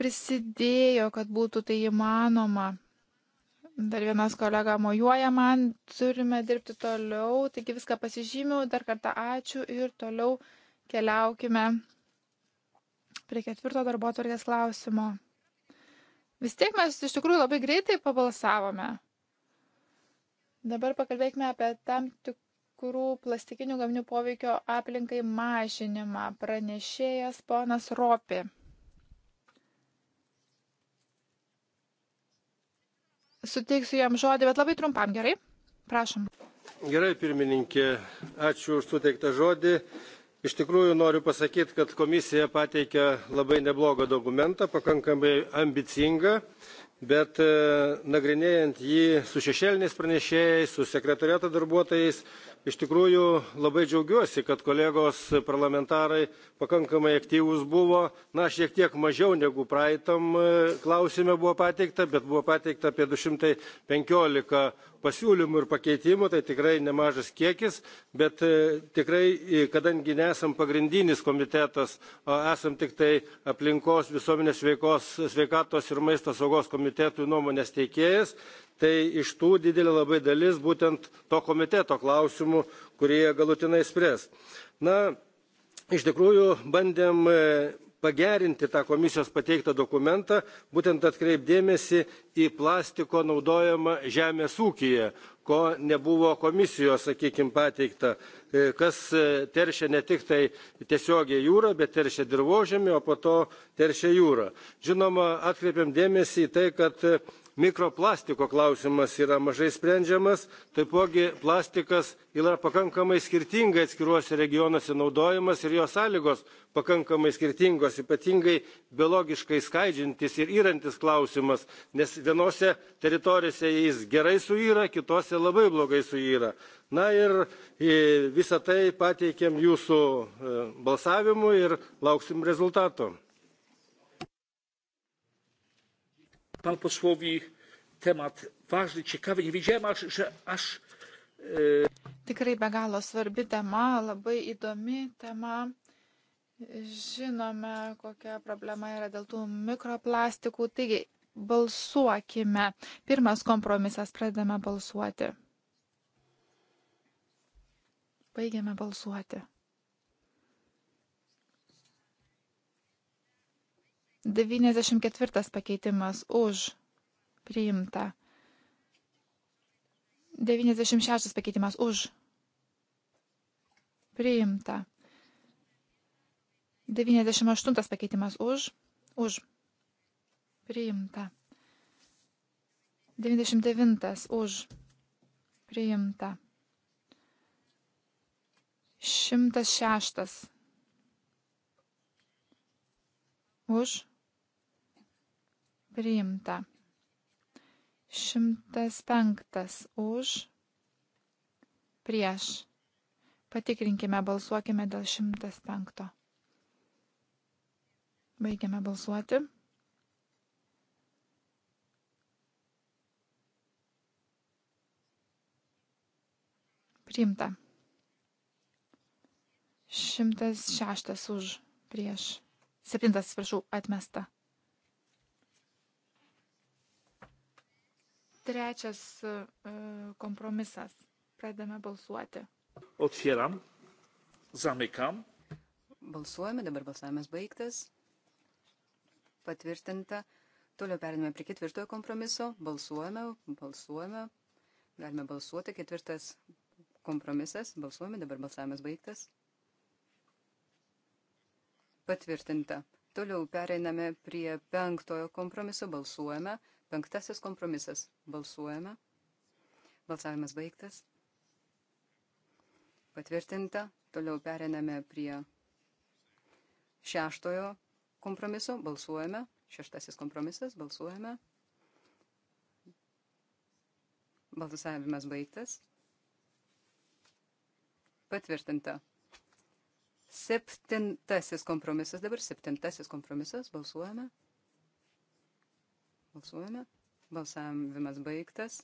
prisidėjo, kad būtų tai įmanoma. Dar vienas kolega mojuoja man, turime dirbti toliau, taigi viską pasižymiu, dar kartą ačiū ir toliau keliaukime prie ketvirto darbo tvarkės klausimo. Vis tiek mes iš tikrųjų labai greitai pabalsavome. Dabar pakalbėkime apie tam tikrų plastikinių gaminių poveikio aplinkai mažinimą. Pranešėjas ponas Ropi. Suteiksiu jam žodį, bet labai trumpam, gerai? Prašom. Gerai, pirmininkė, ačiū už suteiktą žodį. Iš tikrųjų noriu pasakyti, kad komisija pateikė labai neblogą dokumentą, pakankamai ambicingą bet e, nagrinėjant jį su šešėliniais pranešėjais su sekretoriato darbuotojais iš tikrųjų labai džiaugiuosi kad kolegos parlamentarai pakankamai aktyvūs buvo na šiek tiek mažiau negu praeitam e, klausime buvo pateikta bet buvo pateikta apie du šimtai penkiolika pasiūlymų ir pakeitimų tai tikrai nemažas kiekis bet e, tikrai e, kadangi nesam pagrindinis komitetas o esam tiktai aplinkos visuomenės sveikos sveikatos ir maisto saugos komitetų nuomonės teikėjas tai iš tų didelė labai dalis būtent to komiteto klausimų, kurie galutinai spręs. Na, iš tikrųjų bandėm e, pagerinti tą komisijos pateiktą dokumentą, būtent atkreipdėmėsi į plastiko naudojimą žemės ūkiją, ko nebuvo komisijos, sakykime, pateikta, e, kas e, teršia ne tik tai tiesiogiai jūrą, bet teršia dirbožėmį, o po to teršia jūrą. Žinoma, atkreipiam dėmesį į tai, kad mikroplastiko klausimas yra mažai sprendžiamas taipogi plastikas yra pakankamai skirtingai atskiruose regionuose naudojamas ir jo sąlygos pakankamai skirtingos ypatingai biologiškai skaidžiantis ir yrantis klausimas nes vienose teritorijose jis gerai suyra kitose labai blogai suyra. na ir e, visą tai pateikėm jūsų e, balsavimui ir lauksim rezultato. panu posłowi temat ważny, ciekawy. Nie wiedziałem, aż, że aż. E... Tikrai be galo svarbi tema, labai įdomi tema. Žinome, kokia problema yra dėl tų mikroplastikų. Taigi, balsuokime. Pirmas kompromisas, pradedame balsuoti. Baigiame balsuoti. 94 pakeitimas už priimta. 96 pakeitimas už priimta. 98 pakeitimas už už priimta. 99 už priimta. 106 už priimta. 105 už, prieš. Patikrinkime, balsuokime dėl 105. Baigiame balsuoti. Priimta. 106 už prieš. 7, atsiprašau, atmesta. Trečias e, kompromisas. Pradame balsuoti. Otvieram. Zamykam. Balsuojame, dabar balsavimas baigtas. Patvirtinta. Toliau perėmėme prie ketvirtojo kompromiso. Balsuojame, balsuojame. Galime balsuoti. Ketvirtas kompromisas. Balsuojame, dabar balsavimas baigtas. Patvirtinta. Toliau pereiname prie penktojo kompromiso. Balsuojame. Penktasis kompromisas. Balsuojame. Balsavimas baigtas. Patvirtinta. Toliau periname prie šeštojo kompromiso. Balsuojame. Šeštasis kompromisas. Balsuojame. Balsavimas baigtas. Patvirtinta. Septintasis kompromisas. Dabar septintasis kompromisas. Balsuojame. Balsuojame. Balsavimas baigtas.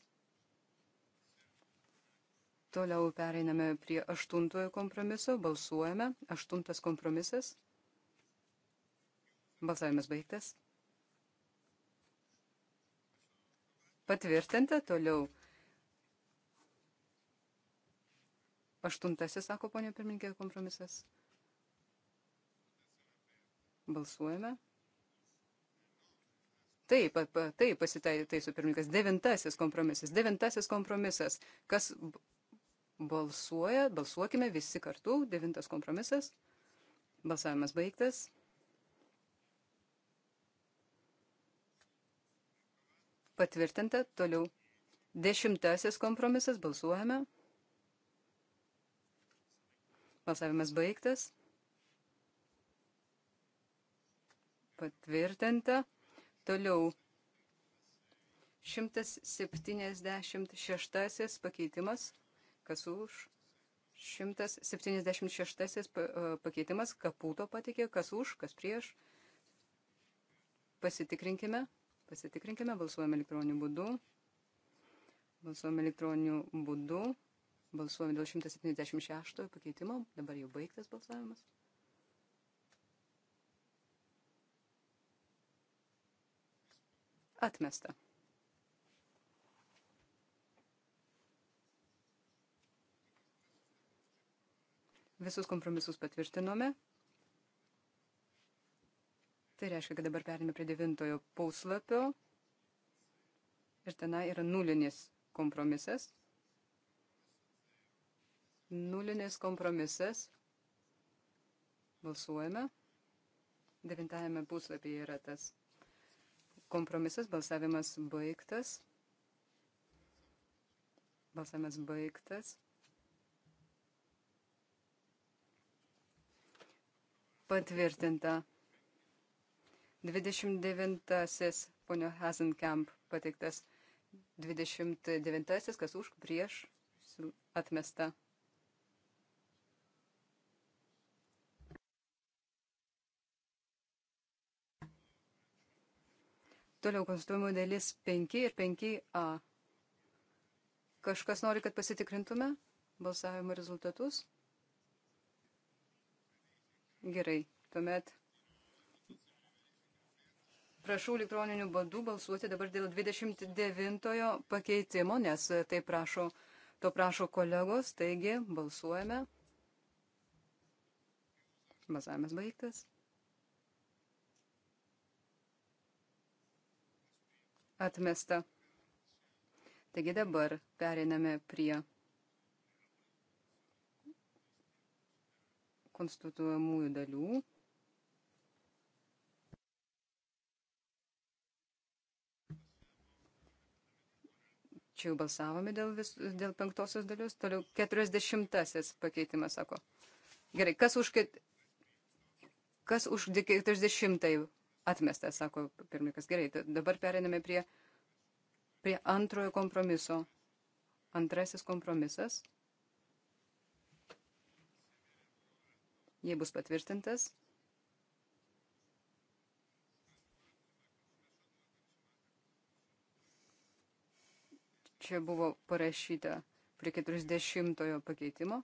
Toliau pereiname prie aštuntojo kompromiso. Balsuojame. Aštuntas kompromisas. Balsavimas baigtas. Patvirtinta toliau. Aštuntasis, sako ponė pirmininkė, kompromisas. Balsuojame. Taip, taip, pasitaisų tai pirmininkas. Devintasis kompromisas. Devintasis kompromisas. Kas balsuoja, balsuokime visi kartu. Devintas kompromisas. Balsavimas baigtas. Patvirtinta. Toliau. Dešimtasis kompromisas. Balsuojame. Balsavimas baigtas. Patvirtinta. Toliau. 176 pakeitimas. Kas už? 176 e, pakeitimas. Kaputo patikė. Kas už? Kas prieš? Pasitikrinkime. Pasitikrinkime. Balsuojame elektroniniu būdu. Balsuojame elektroniniu būdu. Balsuojame dėl 176 pakeitimo. Dabar jau baigtas balsavimas. Atmesta. Visus kompromisus patvirtinome. Tai reiškia, kad dabar perėmė prie devintojo puslapio. Ir tenai yra nulinis kompromisas. Nulinis kompromisas. Balsuojame. Devintajame puslapyje yra tas kompromisas, balsavimas baigtas. Balsavimas baigtas. Patvirtinta. 29. ponio Hasenkamp pateiktas. 29. kas už prieš atmesta. Toliau konstatuojimo dalis 5 ir 5a. Kažkas nori, kad pasitikrintume balsavimo rezultatus? Gerai, tuomet prašau elektroniniu būdu balsuoti dabar dėl 29 pakeitimo, nes tai prašo, to prašo kolegos, taigi balsuojame. Balsavimas baigtas. atmesta. Taigi dabar periname prie konstatuojamųjų dalių. Čia jau balsavome dėl, vis, dėl penktosios dalios, toliau keturiasdešimtasis pakeitimas, sako. Gerai, kas už, ket... kas už keturiasdešimtąjį Atmestas, sako pirmininkas. Gerai, dabar periname prie, prie antrojo kompromiso. Antrasis kompromisas. Jei bus patvirtintas, čia buvo parašyta prie 40 pakeitimo,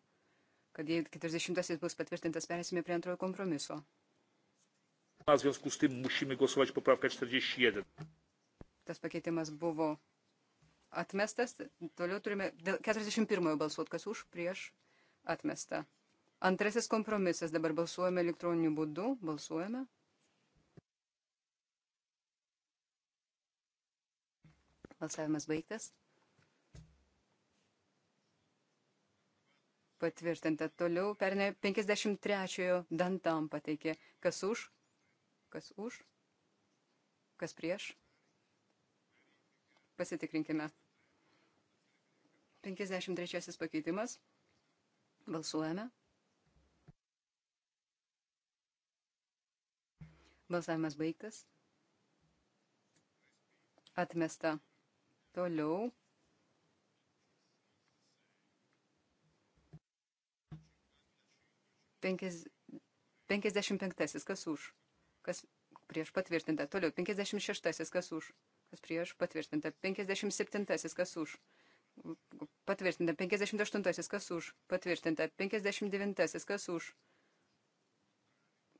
kad jei 40 bus patvirtintas, perėsime prie antrojo kompromiso w związku z tym musimy głosować poprawkę 41. Tas pakeitimas buvo atmestas, toliau turime 41 balsuot, kas už, prieš, atmesta. Antrasis kompromisas, dabar balsuojame elektroniniu būdu, balsuojame. Balsavimas baigtas. Patvirtinta. Toliau pernė 53-ojo Dantam pateikė. Kas už, Kas už? Kas prieš? Pasitikrinkime. 53 pakeitimas. Balsuojame. Balsavimas baigtas. Atmesta. Toliau. Penkis, 55. Kas už? kas prieš patvirtinta. Toliau, 56-asis, kas už, kas prieš patvirtinta. 57-asis, kas už, patvirtinta. 58-asis, kas už, patvirtinta. 59-asis, kas už,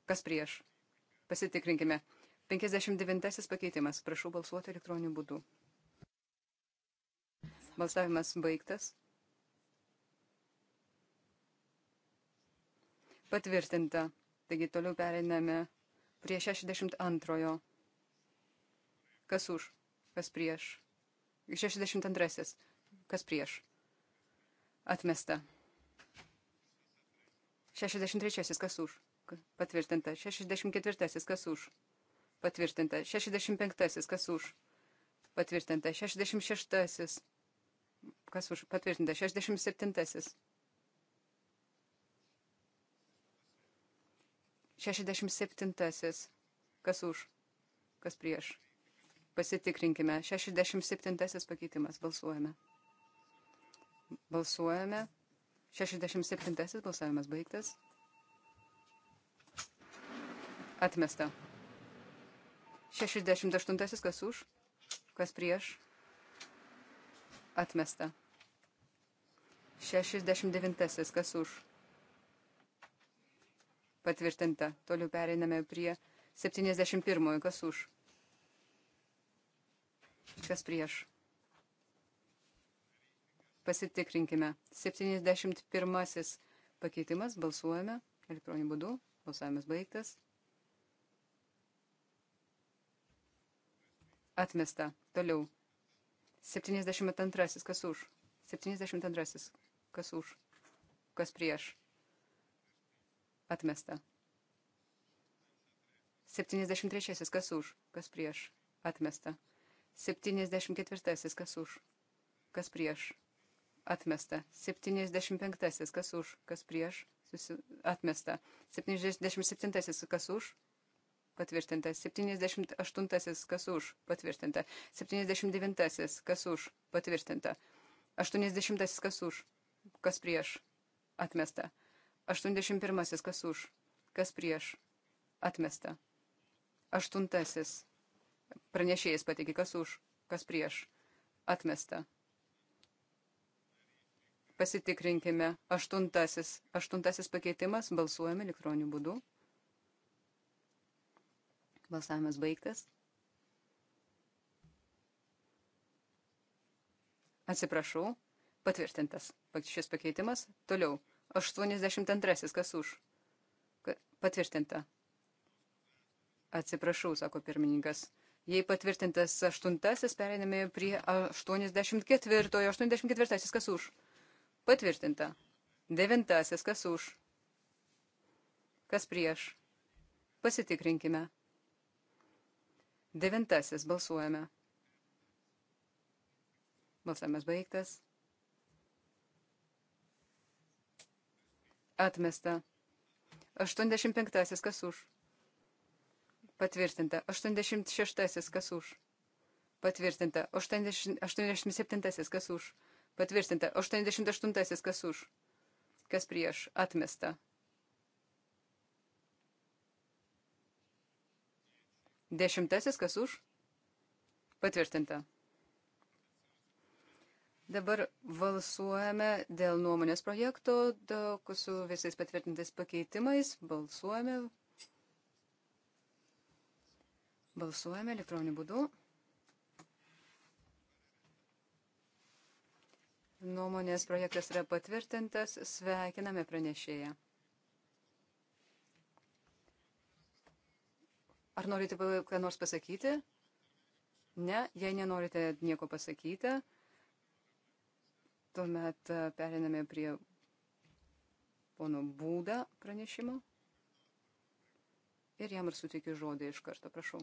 kas prieš. Pasitikrinkime. 59-asis pakeitimas. Prašau balsuoti elektroniniu būdu. Balsavimas baigtas. Patvirtinta. Taigi toliau pereiname prie 62. Kas už? Kas prieš? 62. Kas prieš? Atmesta. 63. Kas už? Patvirtinta. 64. Kas už? Patvirtinta. 65. Kas už? Patvirtinta. 66. Kas už? Patvirtinta. 67. 67. Kas už? Kas prieš? Pasitikrinkime. 67 pakeitimas. Balsuojame. Balsuojame. 67 balsavimas baigtas. Atmesta. 68 kas už? Kas prieš? Atmesta. 69 kas už? patvirtinta. Toliau periname prie 71. Kas už? Kas prieš? Pasitikrinkime. 71. Pakeitimas. Balsuojame elektroniniu būdu. Balsavimas baigtas. Atmesta. Toliau. 72. Kas už? 72. Kas už? Kas prieš? atmesta. 73. Kas už, kas prieš, atmesta. 74. Kas už, kas prieš, atmesta. 75. Kas už, kas prieš, susi... atmesta. 77. Kas už, patvirtinta. 78. Kas už, patvirtinta. 79. Kas už, patvirtinta. 80. Kas už, kas prieš, atmesta. 81. Kas už? Kas prieš? Atmesta. 8. Pranešėjas pateikė, kas už, kas prieš. Atmesta. Pasitikrinkime. 8. 8. pakeitimas. Balsuojame elektroniniu būdu. Balsavimas baigtas. Atsiprašau, patvirtintas šis pakeitimas. Toliau. 82. Kas už? Patvirtinta. Atsiprašau, sako pirmininkas. Jei patvirtintas aštuntasis, pereiname prie 84. 84. Kas už? Patvirtinta. Devintasis. Kas už? Kas prieš? Pasitikrinkime. Devintasis. Balsuojame. Balsavimas baigtas. Atmesta. 85. Kas už? Patvirtinta. 86. Kas už? Patvirtinta. 87. Kas už? Patvirtinta. 88. Kas už? Kas prieš? Atmesta. Dešimtasis kas už? Patvirtinta. Dabar valsuojame dėl nuomonės projekto daug, su visais patvirtintais pakeitimais. Balsuojame. Balsuojame elektroniniu būdu. Nuomonės projektas yra patvirtintas. Sveikiname pranešėją. Ar norite ką nors pasakyti? Ne, jei nenorite nieko pasakyti. Tuomet e, periname prie pono būdą pranešimo. Ir jam ir suteikiu žodį iš karto, prašau.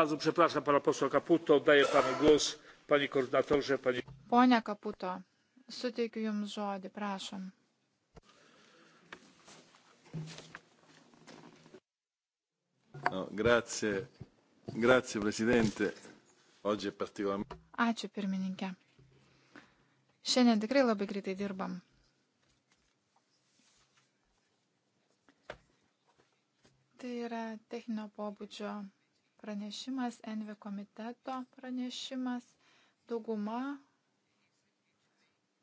bardzo przepraszam pana posła Kaputo, oddaję panu głos, panie koordynatorze. Panie... Pone Kaputo, suteikiu jums žodį, prašom. No, grazie. Grazie, Presidente. Oggi è particolarmente. Ačiū, pirmininkė. Šiandien tikrai labai greitai dirbam. Tai yra techninio pobūdžio pranešimas, Envi komiteto pranešimas, dauguma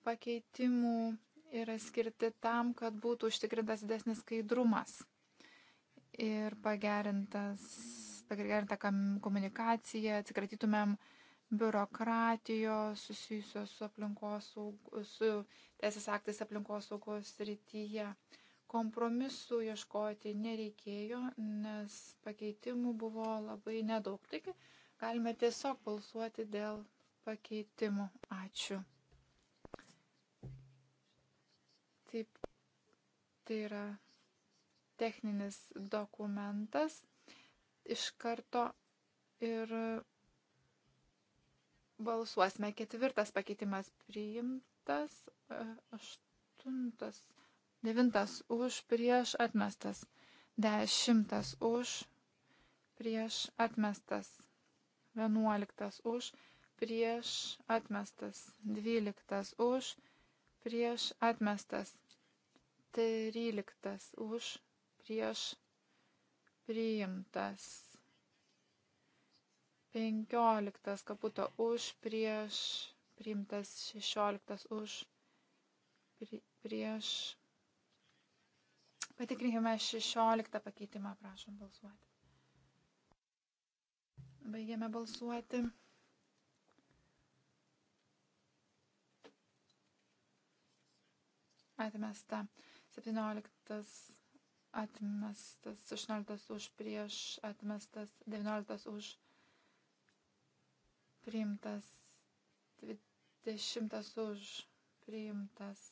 pakeitimų yra skirti tam, kad būtų užtikrintas didesnis skaidrumas ir pagerinta komunikacija, atsikratytumėm biurokratijos susijusios su aplinkos saugos, su teisės aktais aplinkos saugos rytyje kompromisų ieškoti nereikėjo, nes pakeitimų buvo labai nedaug. Taigi galime tiesiog balsuoti dėl pakeitimų. Ačiū. Taip, tai yra techninis dokumentas. Iš karto ir balsuosime. Ketvirtas pakeitimas priimtas, e, aštuntas Devintas už prieš atmestas. Dešimtas už prieš atmestas. Vienuoliktas už prieš atmestas. Dvyliktas už prieš atmestas. Tryliktas už prieš priimtas. Penkioliktas kaputo už prieš priimtas. Šešioliktas už pri, prieš Patikrinkime 16 pakeitimą, prašom balsuoti. Baigėme balsuoti. Atmesta 17, atmestas 16 už prieš, atmestas 19 už priimtas, 20 už priimtas.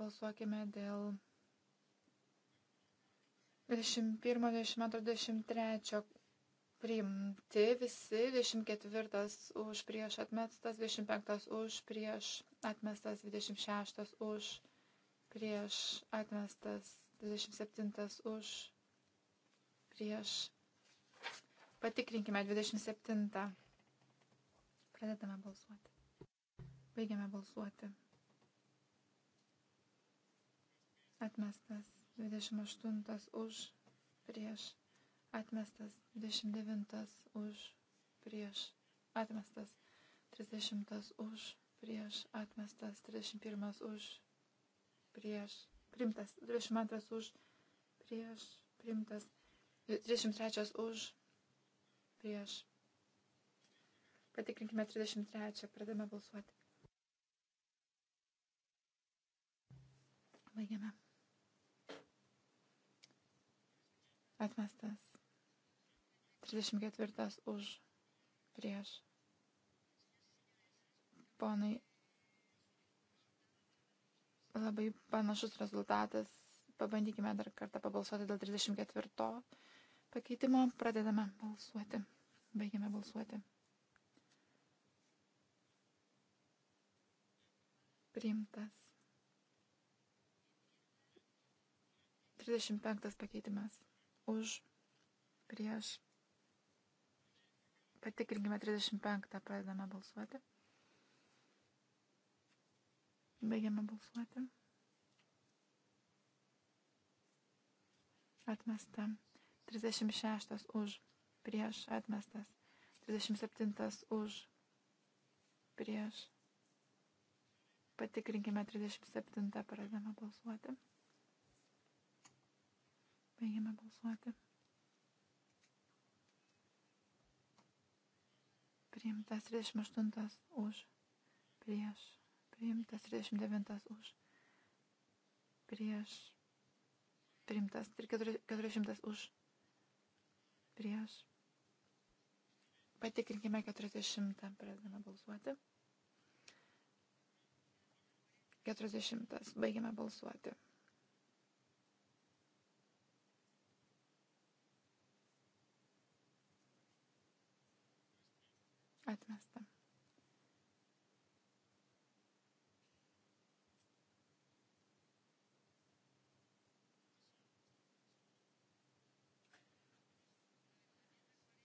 Balsuokime dėl 21-23 priimti visi, 24 už prieš atmestas, 25 už prieš atmestas, 26 už prieš atmestas, 27 už prieš. Patikrinkime 27. Pradedame balsuoti. Baigiame balsuoti. Atmestas. 28 už, prieš, atmestas. 29 už, prieš, atmestas. 30 už, prieš, atmestas. 31 už, prieš, primtas. 22 už, prieš, primtas. 33 už, prieš. Patikrinkime 33, pradame balsuoti. Baigiame. Atmestas. 34 už. Prieš. Ponai. Labai panašus rezultatas. Pabandykime dar kartą pabalsuoti dėl 34 pakeitimo. Pradedame balsuoti. Baigiame balsuoti. Priimtas. 35 pakeitimas už, prieš. Patikrinkime 35, pradedame balsuoti. Baigiame balsuoti. Atmesta. 36 už, prieš atmestas. 37 už, prieš. Patikrinkime 37, pradedame balsuoti. Baigiame balsuoti. Priimtas 38 už. Prieš. Priimtas 39 už. Prieš. Priimtas 400 už. Prieš. Patikrinkime 40. Pradedame balsuoti. 40. Baigiame balsuoti. atmesta.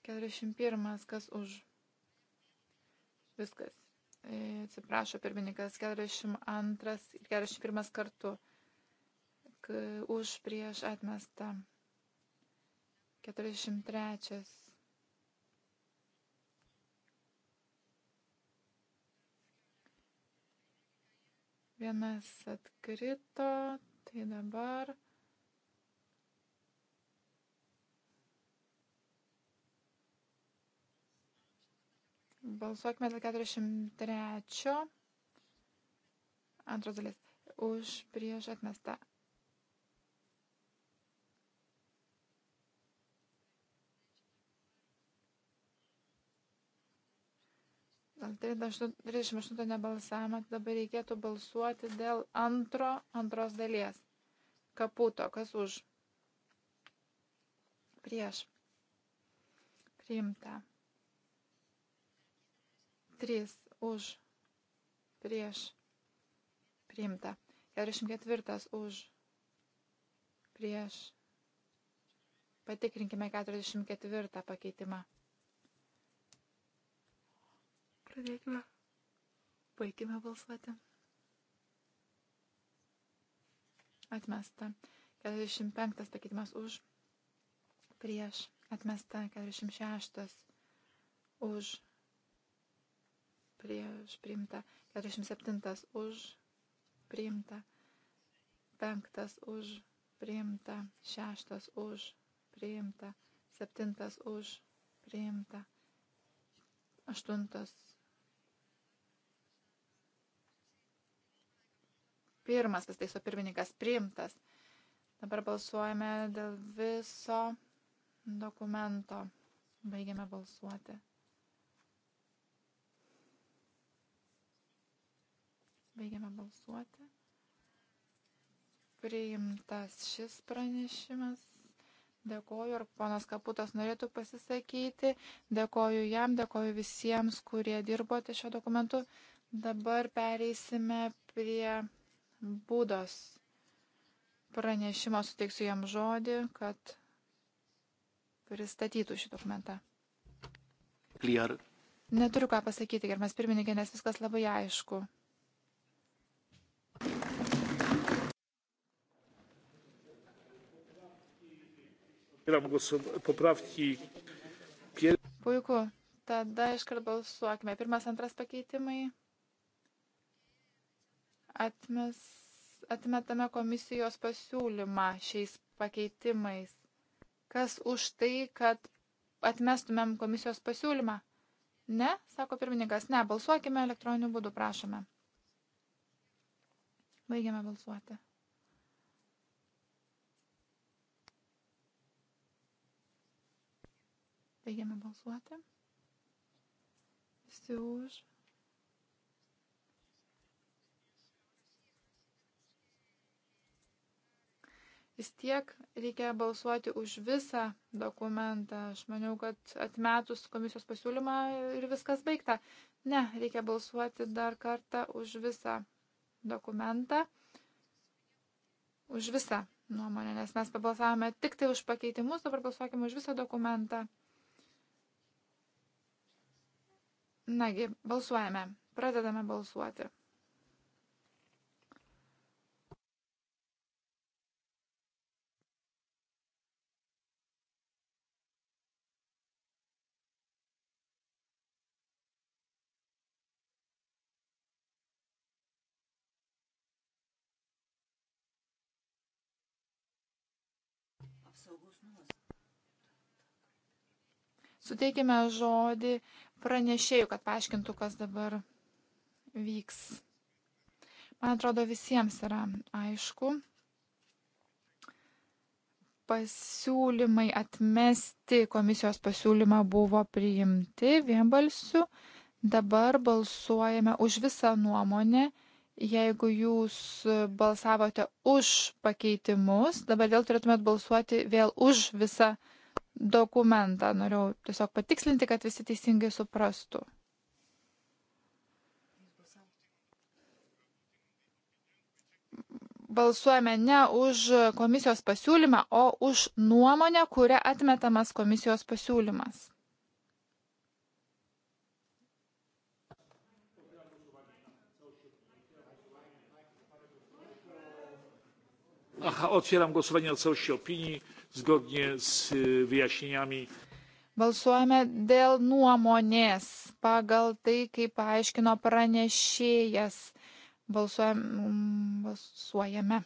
Keturiasdešimt pirmas, kas už. Viskas. E, atsiprašo pirmininkas, 42 ir 41 kartu. Už prieš atmestą. 43 Vienas atkrito, tai dabar. Balsuokime dėl 43. Antros dalis. Už prieš atmestą. 38 nebalsavimą, tai dabar reikėtų balsuoti dėl antro, antros dalies. Kaputo, kas už? Prieš. Priimta. 3 už. Prieš. Priimta. 44 už. Prieš. Patikrinkime 44 pakeitimą. Pradėkime. Baigime balsuoti. Atmesta. 45 pakeitimas už. Prieš. Atmesta. 46 už. Prieš. Priimta. 47 už. Priimta. 5 už. Priimta. 6 už. Priimta. 7 už. Priimta. 8 pirmas vistaiso pirmininkas priimtas. Dabar balsuojame dėl viso dokumento. Baigiame balsuoti. Baigiame balsuoti. Priimtas šis pranešimas. Dėkoju, ar ponas Kaputas norėtų pasisakyti. Dėkoju jam, dėkoju visiems, kurie dirbote šio dokumentu. Dabar pereisime prie būdas pranešimo suteiksiu jam žodį, kad pristatytų šį dokumentą. Clear. Neturiu ką pasakyti, gerbiamas pirmininkė, nes viskas labai aišku. Puiku, tada iškart balsuokime. Pirmas, antras pakeitimai. Atmes, atmetame komisijos pasiūlymą šiais pakeitimais. Kas už tai, kad atmestumėm komisijos pasiūlymą? Ne, sako pirmininkas, ne, balsuokime elektroniniu būdu, prašome. Baigiame balsuoti. Baigiame balsuoti. Visi už. vis tiek reikia balsuoti už visą dokumentą. Aš maniau, kad atmetus komisijos pasiūlymą ir viskas baigta. Ne, reikia balsuoti dar kartą už visą dokumentą, už visą nuomonę, nes mes pabalsavome tik tai už pakeitimus, dabar balsuokime už visą dokumentą. Nagi, balsuojame, pradedame balsuoti. Suteikime žodį pranešėjų, kad paaiškintų, kas dabar vyks. Man atrodo, visiems yra aišku. Pasiūlymai atmesti komisijos pasiūlymą buvo priimti vienbalsiu. Dabar balsuojame už visą nuomonę jeigu jūs balsavote už pakeitimus, dabar vėl turėtumėt balsuoti vėl už visą dokumentą. Noriu tiesiog patikslinti, kad visi teisingai suprastų. Balsuojame ne už komisijos pasiūlymą, o už nuomonę, kuria atmetamas komisijos pasiūlymas. Aha, otwieram głosowanie na całości opinii zgodnie z wyjaśnieniami. Balsuojame dėl nuomonės pagal tai, kaip paaiškino pranešėjas. Balsuojam, mm, balsuojame.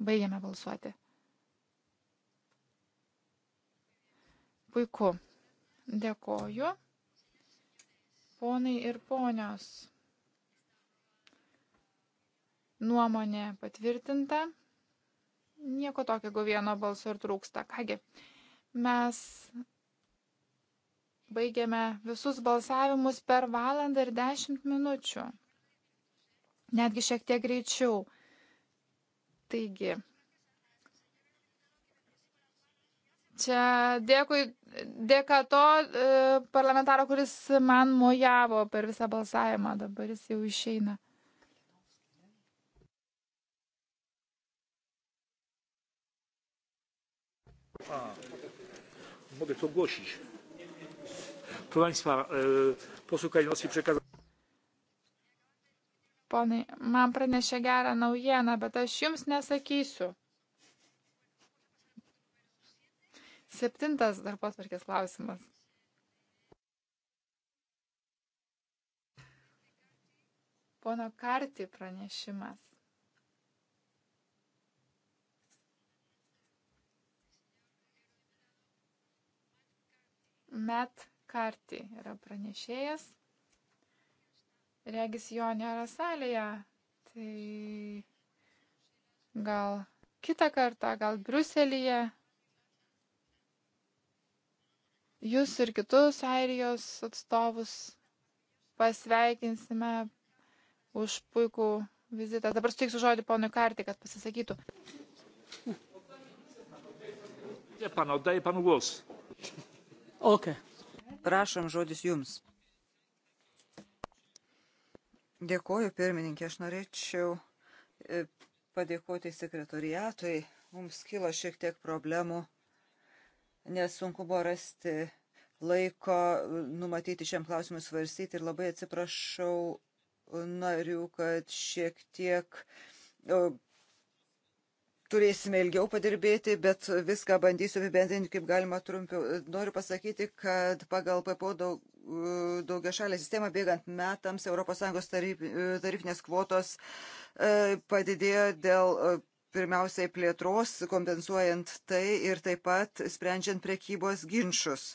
Baigiame balsuoti. Puiku. Dėkoju. Ponai ir ponios. Nuomonė patvirtinta. Nieko tokio, jeigu vieno balso ir trūksta. Kągi, mes baigėme visus balsavimus per valandą ir dešimt minučių. Netgi šiek tiek greičiau. Taigi, Čia dėkui, dėka to e, parlamentaro, kuris man mojavo per visą balsavimą, dabar jis jau išeina. A, mogę to ogłosić. Proszę Państwa, e, poseł Kalinowski przekazał. Ponai, man pranešė gerą naujieną, bet aš jums nesakysiu. Septintas darbo atvarkės klausimas. Pono Karti pranešimas. Met Karti yra pranešėjas. Regis jo nėra salėje. Tai gal kitą kartą, gal Bruselėje. Jūs ir kitus Airijos atstovus pasveikinsime už puikų vizitą. Dabar suteiksiu žodį ponui Kartį, kad pasisakytų. Pan, oddaję panu głos. Okay. Prašom žodis jums. Dėkoju, pirmininkė, aš norėčiau e, padėkoti sekretoriatui. Mums kilo šiek tiek problemų, nes sunku buvo rasti laiko e, numatyti šiam klausimui svarstyti ir labai atsiprašau narių, kad šiek tiek turėsime ilgiau padirbėti, bet viską bandysiu apibendrinti kaip galima trumpiau. Noriu pasakyti, kad pagal PPO daug, daugia šalė sistema bėgant metams ES tarif, tarifinės kvotos e, padidėjo dėl e, pirmiausiai plėtros, kompensuojant tai ir taip pat sprendžiant prekybos ginčius.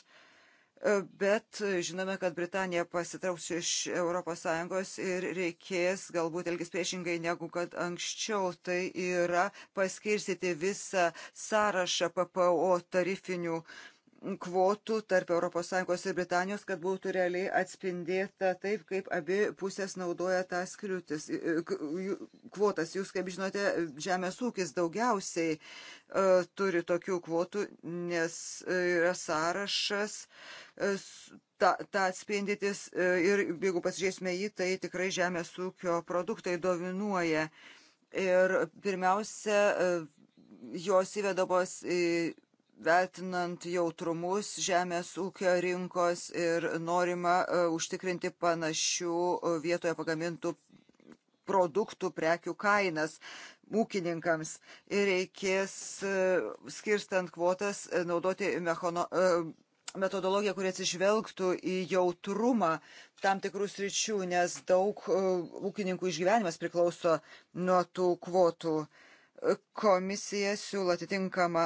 Bet žinome, kad Britanija pasitrauks iš ES ir reikės galbūt elgis priešingai negu kad anksčiau. Tai yra paskirstyti visą sąrašą PPO tarifinių kvotų tarp ES ir Britanijos, kad būtų realiai atspindėta taip, kaip abi pusės naudoja tas kliūtis, kvotas. Jūs, kaip žinote, žemės ūkis daugiausiai uh, turi tokių kvotų, nes e, yra sąrašas uh, tą, tą atspindytis e, ir jeigu pasižiūrėsime jį, tai tikrai žemės ūkio produktai dominuoja. Ir pirmiausia, e, jos įvedamos vertinant jautrumus žemės ūkio rinkos ir norima e, užtikrinti panašių vietoje pagamintų produktų, prekių kainas ūkininkams ir reikės, skirstant kvotas, naudoti mechono, metodologiją, kurie atsižvelgtų į jautrumą tam tikrų sričių, nes daug e, ūkininkų išgyvenimas priklauso nuo tų kvotų. Komisija siūlo atitinkamą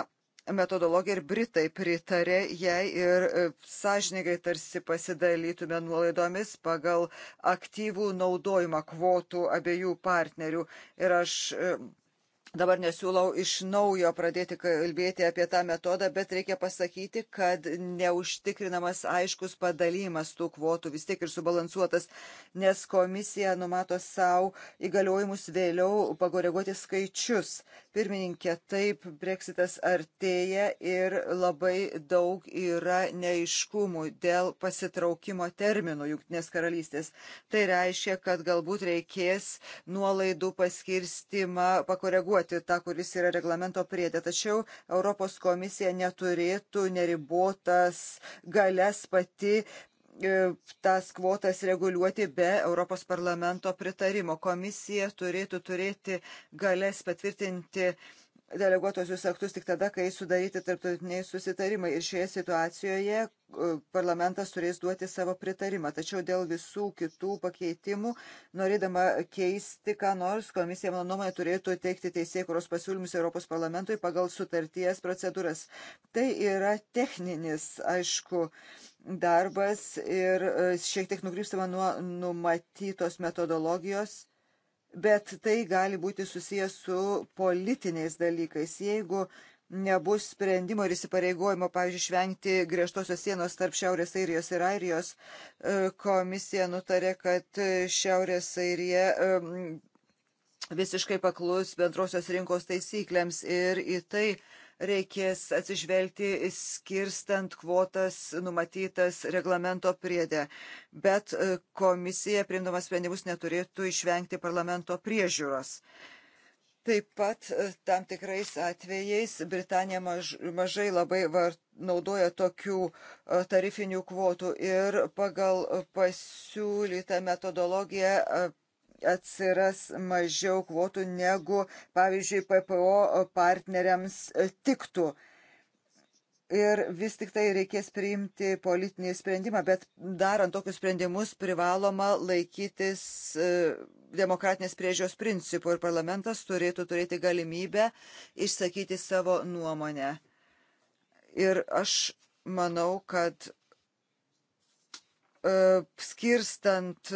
metodologija ir Britai pritarė jai ir e, sąžininkai tarsi pasidalytume nuolaidomis pagal aktyvų naudojimą kvotų abiejų partnerių. Ir aš e, Dabar nesiūlau iš naujo pradėti kalbėti apie tą metodą, bet reikia pasakyti, kad neužtikrinamas aiškus padalymas tų kvotų vis tiek ir subalansuotas, nes komisija numato savo įgaliojimus vėliau pagoreguoti skaičius. Pirmininkė, taip, breksitas artėja ir labai daug yra neiškumų dėl pasitraukimo terminų Junktinės karalystės. Tai reiškia, kad galbūt reikės nuolaidų paskirstimą pakoreguoti koreguoti tą, kuris yra reglamento priedė. Tačiau Europos komisija neturėtų neribotas galės pati e, tas kvotas reguliuoti be Europos parlamento pritarimo. Komisija turėtų turėti galės patvirtinti uh, deleguotosius aktus tik tada, kai sudaryti tarptautiniai susitarimai. Ir šioje situacijoje e, parlamentas turės duoti savo pritarimą. Tačiau dėl visų kitų pakeitimų, norėdama keisti, ką nors, komisija, mano nuomonė, turėtų teikti teisėkuros pasiūlymus Europos parlamentui pagal sutarties procedūras. Tai yra techninis, aišku, darbas ir e, šiek tiek nukrypstama nuo numatytos metodologijos bet tai gali būti susijęs su politiniais dalykais. Jeigu nebus sprendimo ir įsipareigojimo, pavyzdžiui, išvengti griežtosios sienos tarp Šiaurės Airijos ir Airijos, e, komisija nutarė, kad Šiaurės Airija e, visiškai paklus bendrosios rinkos taisyklėms ir į tai reikės atsižvelgti skirstant kvotas numatytas reglamento priedė. Bet e, komisija, priimdama sprendimus, neturėtų išvengti parlamento priežiūros. Taip pat e, tam tikrais atvejais Britanija maž, mažai labai var, naudoja tokių e, tarifinių kvotų ir pagal pasiūlytą metodologiją atsiras mažiau kvotų negu, pavyzdžiui, PPO partneriams e, tiktų. Ir vis tik tai reikės priimti politinį sprendimą, bet darant tokius sprendimus privaloma laikytis e, demokratinės priežios principų ir parlamentas turėtų turėti galimybę išsakyti savo nuomonę. Ir aš manau, kad e, skirstant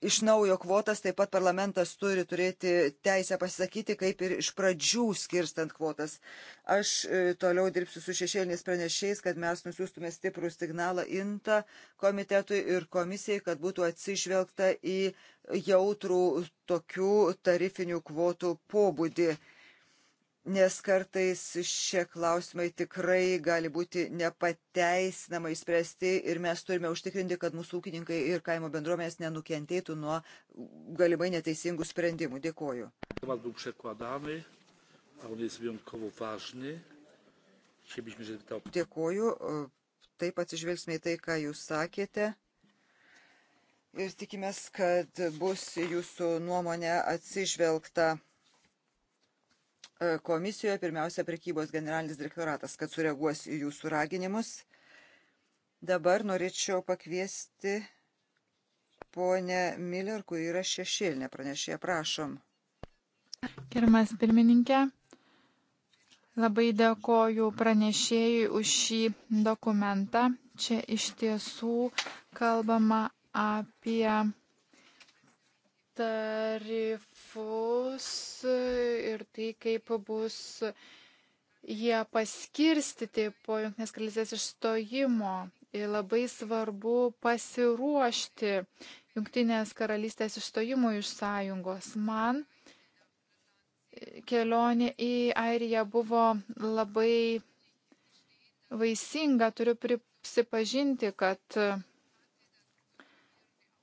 iš naujo kvotas taip pat parlamentas turi turėti teisę pasisakyti, kaip ir iš pradžių skirstant kvotas. Aš e, toliau dirbsiu su šešėliniais pranešiais, kad mes nusiųstume stiprų signalą INTA komitetui ir komisijai, kad būtų atsižvelgta į jautrų tokių tarifinių kvotų pobūdį nes kartais šie klausimai tikrai gali būti nepateisinamai spręsti ir mes turime užtikrinti, kad mūsų ūkininkai ir kaimo bendruomenės nenukentėtų nuo galimai neteisingų sprendimų. Dėkoju. Dėkoju, taip atsižvelgsime į tai, ką jūs sakėte. Ir tikimės, kad bus jūsų nuomonė atsižvelgta. E, komisijoje, pirmiausia, prekybos generalinis direktoratas, kad sureaguos į jūsų raginimus. Dabar norėčiau pakviesti ponę Miller, kuri yra šešėlinė pranešėja. Prašom. Kirmas pirmininkė, labai dėkoju pranešėjui už šį dokumentą. Čia iš tiesų kalbama apie tarifą tarifus e, ir tai, kaip bus jie paskirstyti po Junktinės karalystės išstojimo. Ir labai svarbu pasiruošti Junktinės karalystės išstojimui iš sąjungos. Man e, kelionė į Airiją buvo labai vaisinga, turiu prisipažinti, kad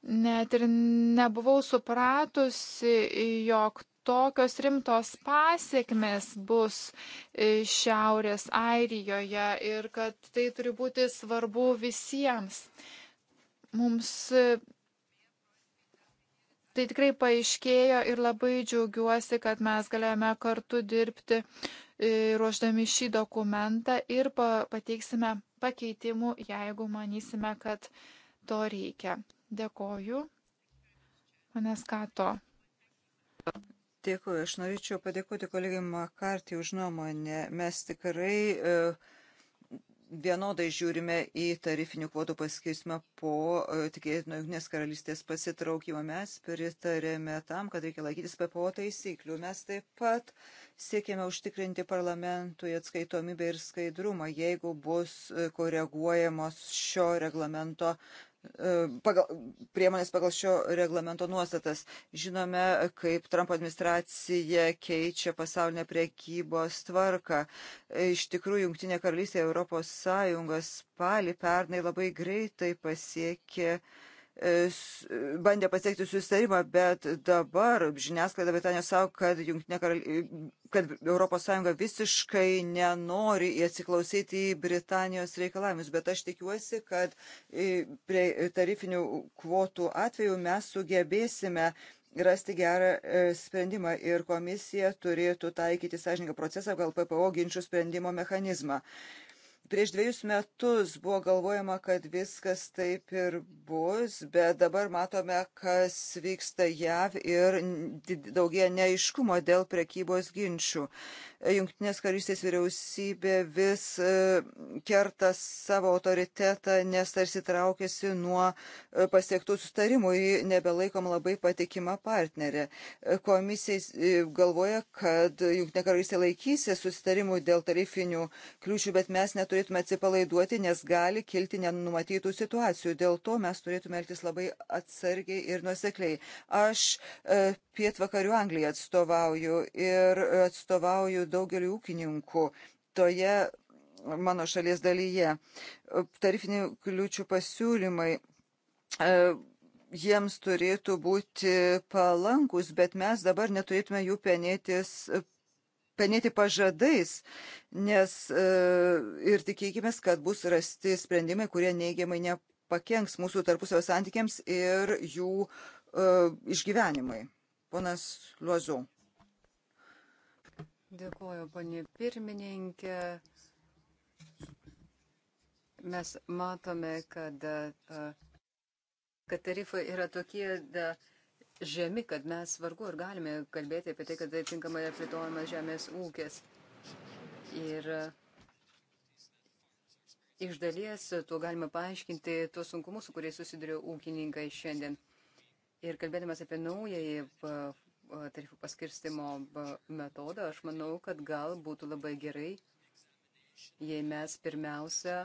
net ir nebuvau supratusi, jog tokios rimtos pasiekmes bus e, Šiaurės Airijoje ir kad tai turi būti svarbu visiems. Mums e, tai tikrai paaiškėjo ir labai džiaugiuosi, kad mes galėjome kartu dirbti e, ruoždami šį dokumentą ir pateiksime pakeitimų, jeigu manysime, kad to reikia. Dėkoju. Manęs kato. Dėkui, aš norėčiau padėkoti kolegai Makartį už nuomonę. Mes tikrai e, vienodai žiūrime į tarifinių kvotų paskirstimą po e, tikėtino Junknės karalystės pasitraukimo. Mes pritarėme tam, kad reikia laikytis PPO taisyklių. Mes taip pat siekėme užtikrinti parlamentui atskaitomybę ir skaidrumą, jeigu bus e, koreguojamos šio reglamento E, pagal, priemonės pagal šio reglamento nuostatas. Žinome, kaip Trump administracija keičia pasaulinę priekybos tvarką. E, iš tikrųjų, Junktinė karalystė Europos Sąjungos spalį pernai labai greitai pasiekė uh, E, bandė pasiekti susitarimą, bet dabar žiniasklaida Britanijos savo, kad, karal... kad ES visiškai nenori atsiklausyti į Britanijos reikalavimus. Bet aš tikiuosi, kad e, prie tarifinių kvotų atveju mes sugebėsime rasti gerą e, sprendimą ir komisija turėtų taikyti sąžininką procesą gal PPO ginčių sprendimo mechanizmą. Prieš dviejus metus buvo galvojama, kad viskas taip ir bus, bet dabar matome, kas vyksta JAV ir daugie neiškumo dėl prekybos ginčių. Junktinės karystės vyriausybė vis e, kerta savo autoritetą, nes tarsi traukėsi nuo e, pasiektų sustarimų ir nebelaikom labai patikima partnerė. E, komisija galvoja, kad Junktinė karystė laikysi sustarimų dėl tarifinių kliūčių, bet mes neturime turėtume atsipalaiduoti, nes gali kilti nenumatytų situacijų. Dėl to mes turėtume elgtis labai atsargiai ir nusekliai. Aš e, pietvakarių Angliją atstovauju ir atstovauju daugeliu ūkininkų toje mano šalies dalyje. Tarifinių kliūčių pasiūlymai e, jiems turėtų būti palankus, bet mes dabar neturėtume jų penėtis penėti pažadais, nes e, ir tikėkime, kad bus rasti sprendimai, kurie neigiamai nepakenks mūsų tarpusavio santykiams ir jų e, išgyvenimai. Ponas Luozu. Dėkuoju, ponė pirmininkė. Mes matome, kad, e, kad tarifai yra tokie, da, de žemi, kad mes vargu ar galime kalbėti apie tai, kad tai tinkamai plėtojamas žemės ūkis. Ir e, iš dalies tuo galima paaiškinti tuos sunkumus, su kuriais susiduria ūkininkai šiandien. Ir kalbėdamas apie naująjį tarifų paskirstimo metodą, aš manau, kad gal būtų labai gerai, jei mes pirmiausia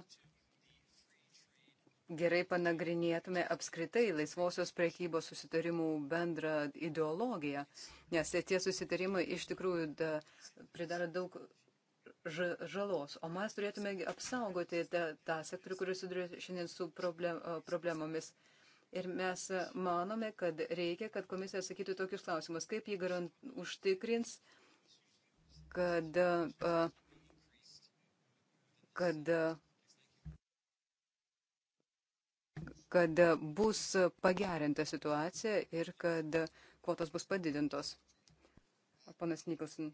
gerai panagrinėtume apskritai laisvosios prekybos susitarimų bendrą ideologiją, nes tie susitarimai iš tikrųjų da, pridaro daug žalos, o mes turėtume apsaugoti tą, tą sektorių, kuris suduria šiandien su problem, problemomis. Ir mes manome, kad reikia, kad komisija sakytų tokius klausimus, kaip jį garant, užtikrins, kad, kad kad bus pagerinta situacija ir kad kvotos bus padidintos. Panas Nikolson,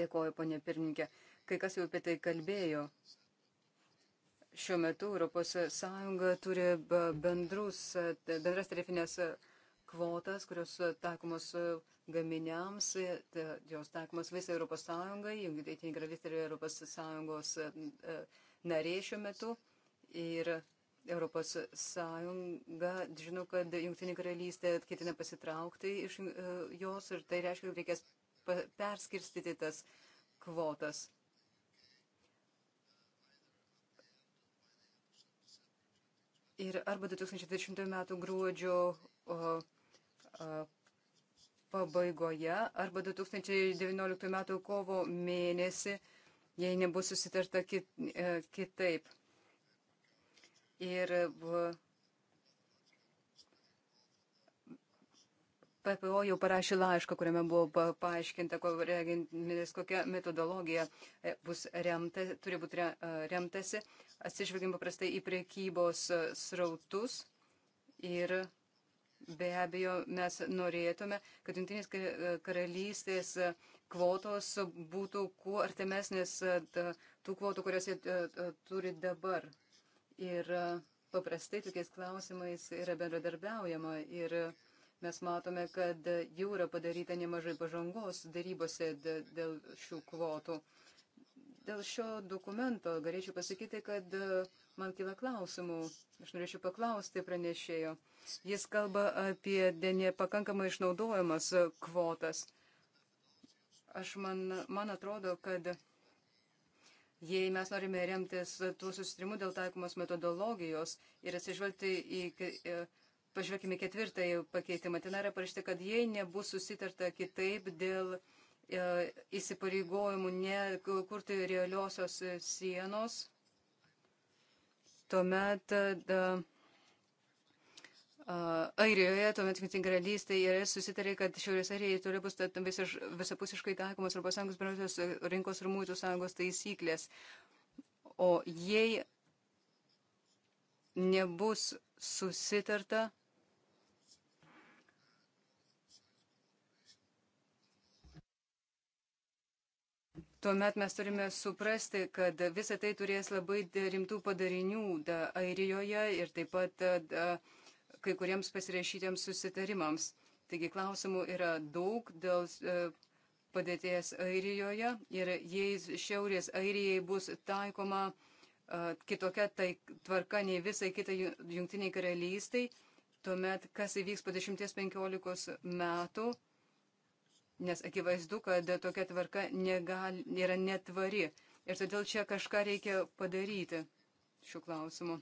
dėkoju, ponė pirmininkė. Kai kas jau apie tai kalbėjo, šiuo metu ES turi bendrus, bendras tarifinės kvotas, kurios taikomos gaminiams, jos taikomos visai ES, jungtinė karalystė yra ES narė šiuo metu. Ir Europos Sąjunga, žinau, kad Junktinė karalystė ketina pasitraukti iš e, jos ir tai reiškia, kad reikės perskirstyti tas kvotas. Ir arba 2020 m. gruodžio o, o, pabaigoje, arba 2019 m. kovo mėnesį, jei nebus susitarta kit, e, kitaip ir PPO jau parašė laišką, kuriame buvo paaiškinta, kokia metodologija e, bus remta, turi būti e, remtasi, atsižvelgiam paprastai į priekybos e, srautus ir Be abejo, mes norėtume, kad Junktinės karalystės kvotos būtų kuo artimesnės tų kvotų, kurias jie turi dabar. Ir e, paprastai tokiais klausimais yra bendradarbiaujama. Ir e, mes matome, kad e, jau yra padaryta nemažai pažangos darybose dėl šių kvotų. Dėl šio dokumento galėčiau pasakyti, kad man kila klausimų. Aš norėčiau paklausti pranešėjo. Jis kalba apie nepakankamai išnaudojamas kvotas. Aš man, man atrodo, kad Jei mes norime remtis tuo susitrimu dėl taikomos metodologijos ir atsižvelgti į, e, pažvelgime ketvirtąjį pakeitimą, ten yra parašyta, kad jei nebus susitarta kitaip dėl e, įsipareigojimų nekurti realiosios sienos, tuomet e, da, Airijoje, tuomet Junktinė karalystė ir susitarė, kad Šiaurės Airijai turi bus visapusiškai taikomas Europos Sąjungos bendrosios e, rinkos ir mūtų sąjungos taisyklės. O jei nebus susitarta, Tuomet mes turime suprasti, kad visa tai turės labai rimtų padarinių da, Airijoje ir taip pat e, da, da, kai kuriems pasirašytiems susitarimams. Taigi klausimų yra daug dėl e, padėties Airijoje ir jei Šiaurės Airijai bus taikoma e, kitokia tai tvarka nei visai kitai jungtiniai karalystiai, tuomet kas įvyks po 10-15 metų, nes akivaizdu, kad tokia tvarka negal, yra netvari. Ir todėl čia kažką reikia padaryti šiuo klausimu.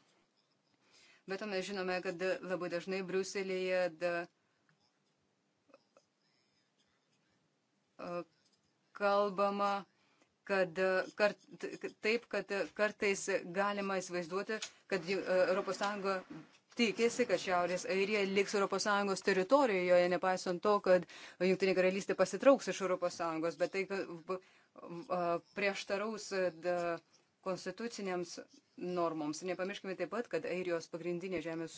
Bet to mes žinome, kad labai dažnai Briuselėje da, kalbama, kad kart, taip, kad kartais galima įsivaizduoti, kad ES tikisi, kad Šiaurės Airija liks ES teritorijoje, nepaisant to, kad Junktinė karalystė pasitrauks iš ES, bet tai prieštaraus konstituciniams normoms. Nepamirškime taip pat, kad Airijos pagrindinė žemės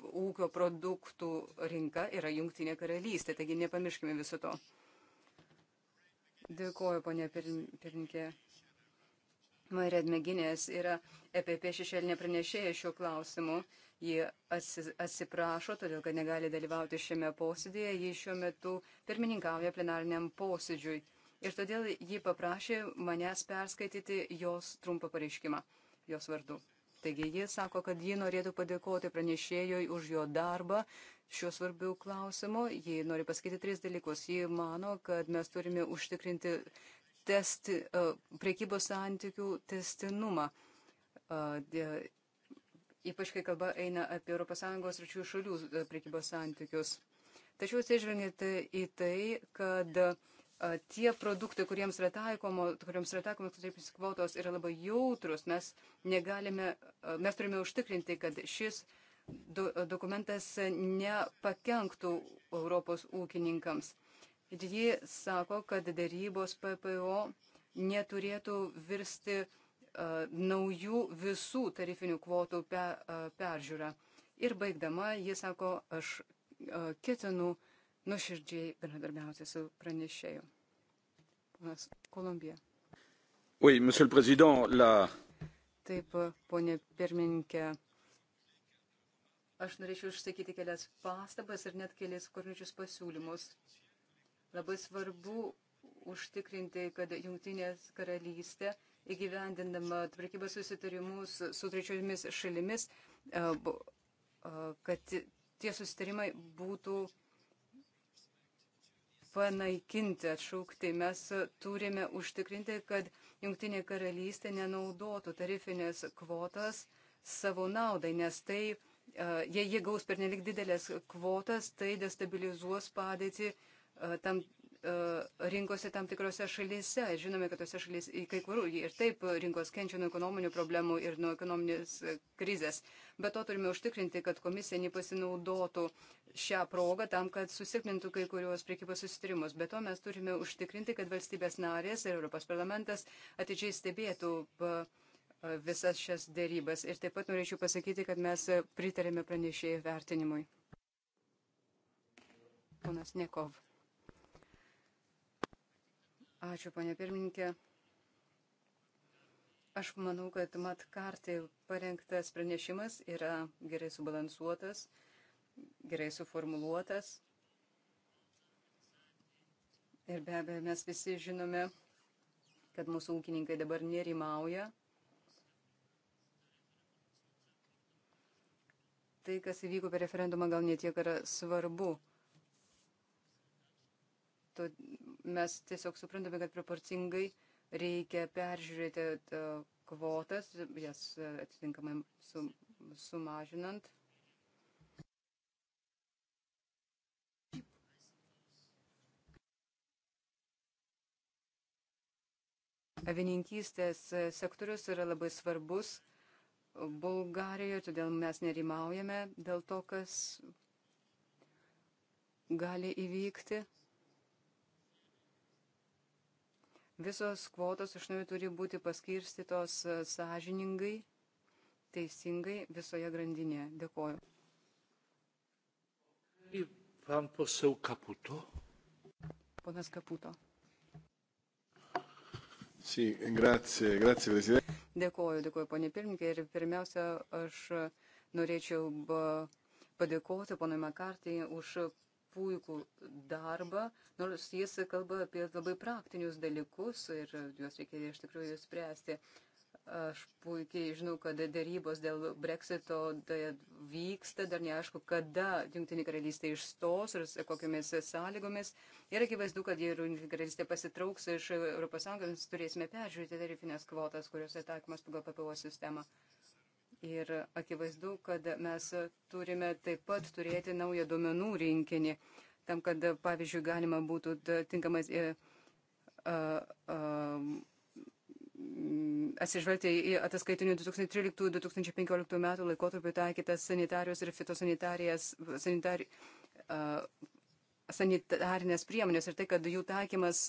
ūkio produktų rinka yra Junktinė karalystė, taigi nepamirškime viso to. Dėkuoju, ponė pirmininkė. Marija Dmeginės yra EPP šešėlinė pranešėja šiuo klausimu. Ji atsiprašo, todėl kad negali dalyvauti šiame posėdėje. Ji šiuo metu pirmininkauja plenariniam posėdžiui. Ir todėl ji paprašė manęs perskaityti jos trumpą pareiškimą jos vardu. Taigi jie sako, kad ji norėtų padėkoti pranešėjui už jo darbą šiuo svarbiu klausimu. Ji nori pasakyti tris dalykus. Ji mano, kad mes turime užtikrinti testi, e, priekybos santykių testinumą. E, ypač kai kalba eina apie ES ryčių šalių e, priekybos santykius. Tačiau atsižvelgiate į tai, kad uh, tie produktai, kuriems yra taikomos, kuriems yra taikomos tarptautinės kvotos, yra labai jautrus. Mes, negalime, mes turime užtikrinti, kad šis do, dokumentas nepakenktų Europos ūkininkams. Ji sako, kad darybos PPO neturėtų virsti uh, naujų visų tarifinių kvotų pe, uh, peržiūrą. Ir baigdama, ji sako, aš uh, ketinu uh, nuširdžiai bendradarbiauti su pranešėju. Ponas Kolumbija. Oui, monsieur le président, la. Taip, ponė pirmininkė. Aš norėčiau išsakyti kelias pastabas ir net kelias korničius pasiūlymus. Labai svarbu užtikrinti, kad Junktinės karalystė įgyvendindama prekybos susitarimus su trečiomis šalimis, e, e, kad tie susitarimai būtų uh, panaikinti, atšaukti. Mes turime užtikrinti, kad Junktinė karalystė nenaudotų tarifinės kvotas savo naudai, nes tai, jei jie gaus pernelik didelės kvotas, tai destabilizuos padėtį tam E, rinkose tam tikrose šalyse. Žinome, kad tose šalyse, kai kur ir taip rinkos kenčia nuo ekonominių problemų ir nuo ekonominės krizės. Be to turime užtikrinti, kad komisija nepasinaudotų šią progą tam, kad susilpnintų kai kurios priekybos susitarimus. Be to mes turime užtikrinti, kad valstybės narės ir Europos parlamentas atidžiai stebėtų visas šias dėrybas. Ir taip pat norėčiau pasakyti, kad mes pritarėme pranešėjų vertinimui. Ponas Nekov. Ačiū, ponė pirmininkė. Aš manau, kad Mat Kartai parengtas pranešimas yra gerai subalansuotas, gerai suformuluotas. Ir be abejo, mes visi žinome, kad mūsų ūkininkai dabar nerimauja. Tai, kas įvyko per referendumą, gal netiek yra svarbu. To, mes tiesiog suprantame, kad proporcingai reikia peržiūrėti e, kvotas, jas e, atitinkamai sum, sumažinant. Avininkystės e, sektorius yra labai svarbus Bulgarijoje, todėl mes nerimaujame dėl to, kas gali įvykti. Visos kvotos iš naujo turi būti paskirstytos e, sąžiningai, teisingai visoje grandinėje. Dėkoju. Pan poseu Kaputo. Ponas Kaputo. Sì, grazie, grazie Presidente. Dėkoju, dėkoju, ponė pirmininkė. Ir pirmiausia, aš norėčiau padėkoti ponui Makartį už puikų darbą, nors jis kalba apie labai praktinius dalykus ir juos reikia iš tikrųjų spręsti. Aš puikiai žinau, kad darybos dėl breksito tai vyksta, dar neaišku, kada Junktinė karalystė išstos ir kokiamis sąlygomis. Ir akivaizdu, kad jei Junktinė karalystė pasitrauks iš ES, turėsime peržiūrėti tarifinės kvotas, kurios taikomas pagal PPO sistemą. Uh, Ir akivaizdu, kad mes turime taip pat turėti naują duomenų rinkinį, tam, kad, pavyzdžiui, galima būtų tinkamas e, atsižvelgti į ataskaitinių 2013-2015 metų laikotarpį taikytas sanitarijos ir fitosanitarijas. Sanitari, sanitarinės priemonės ir tai, kad jų taikymas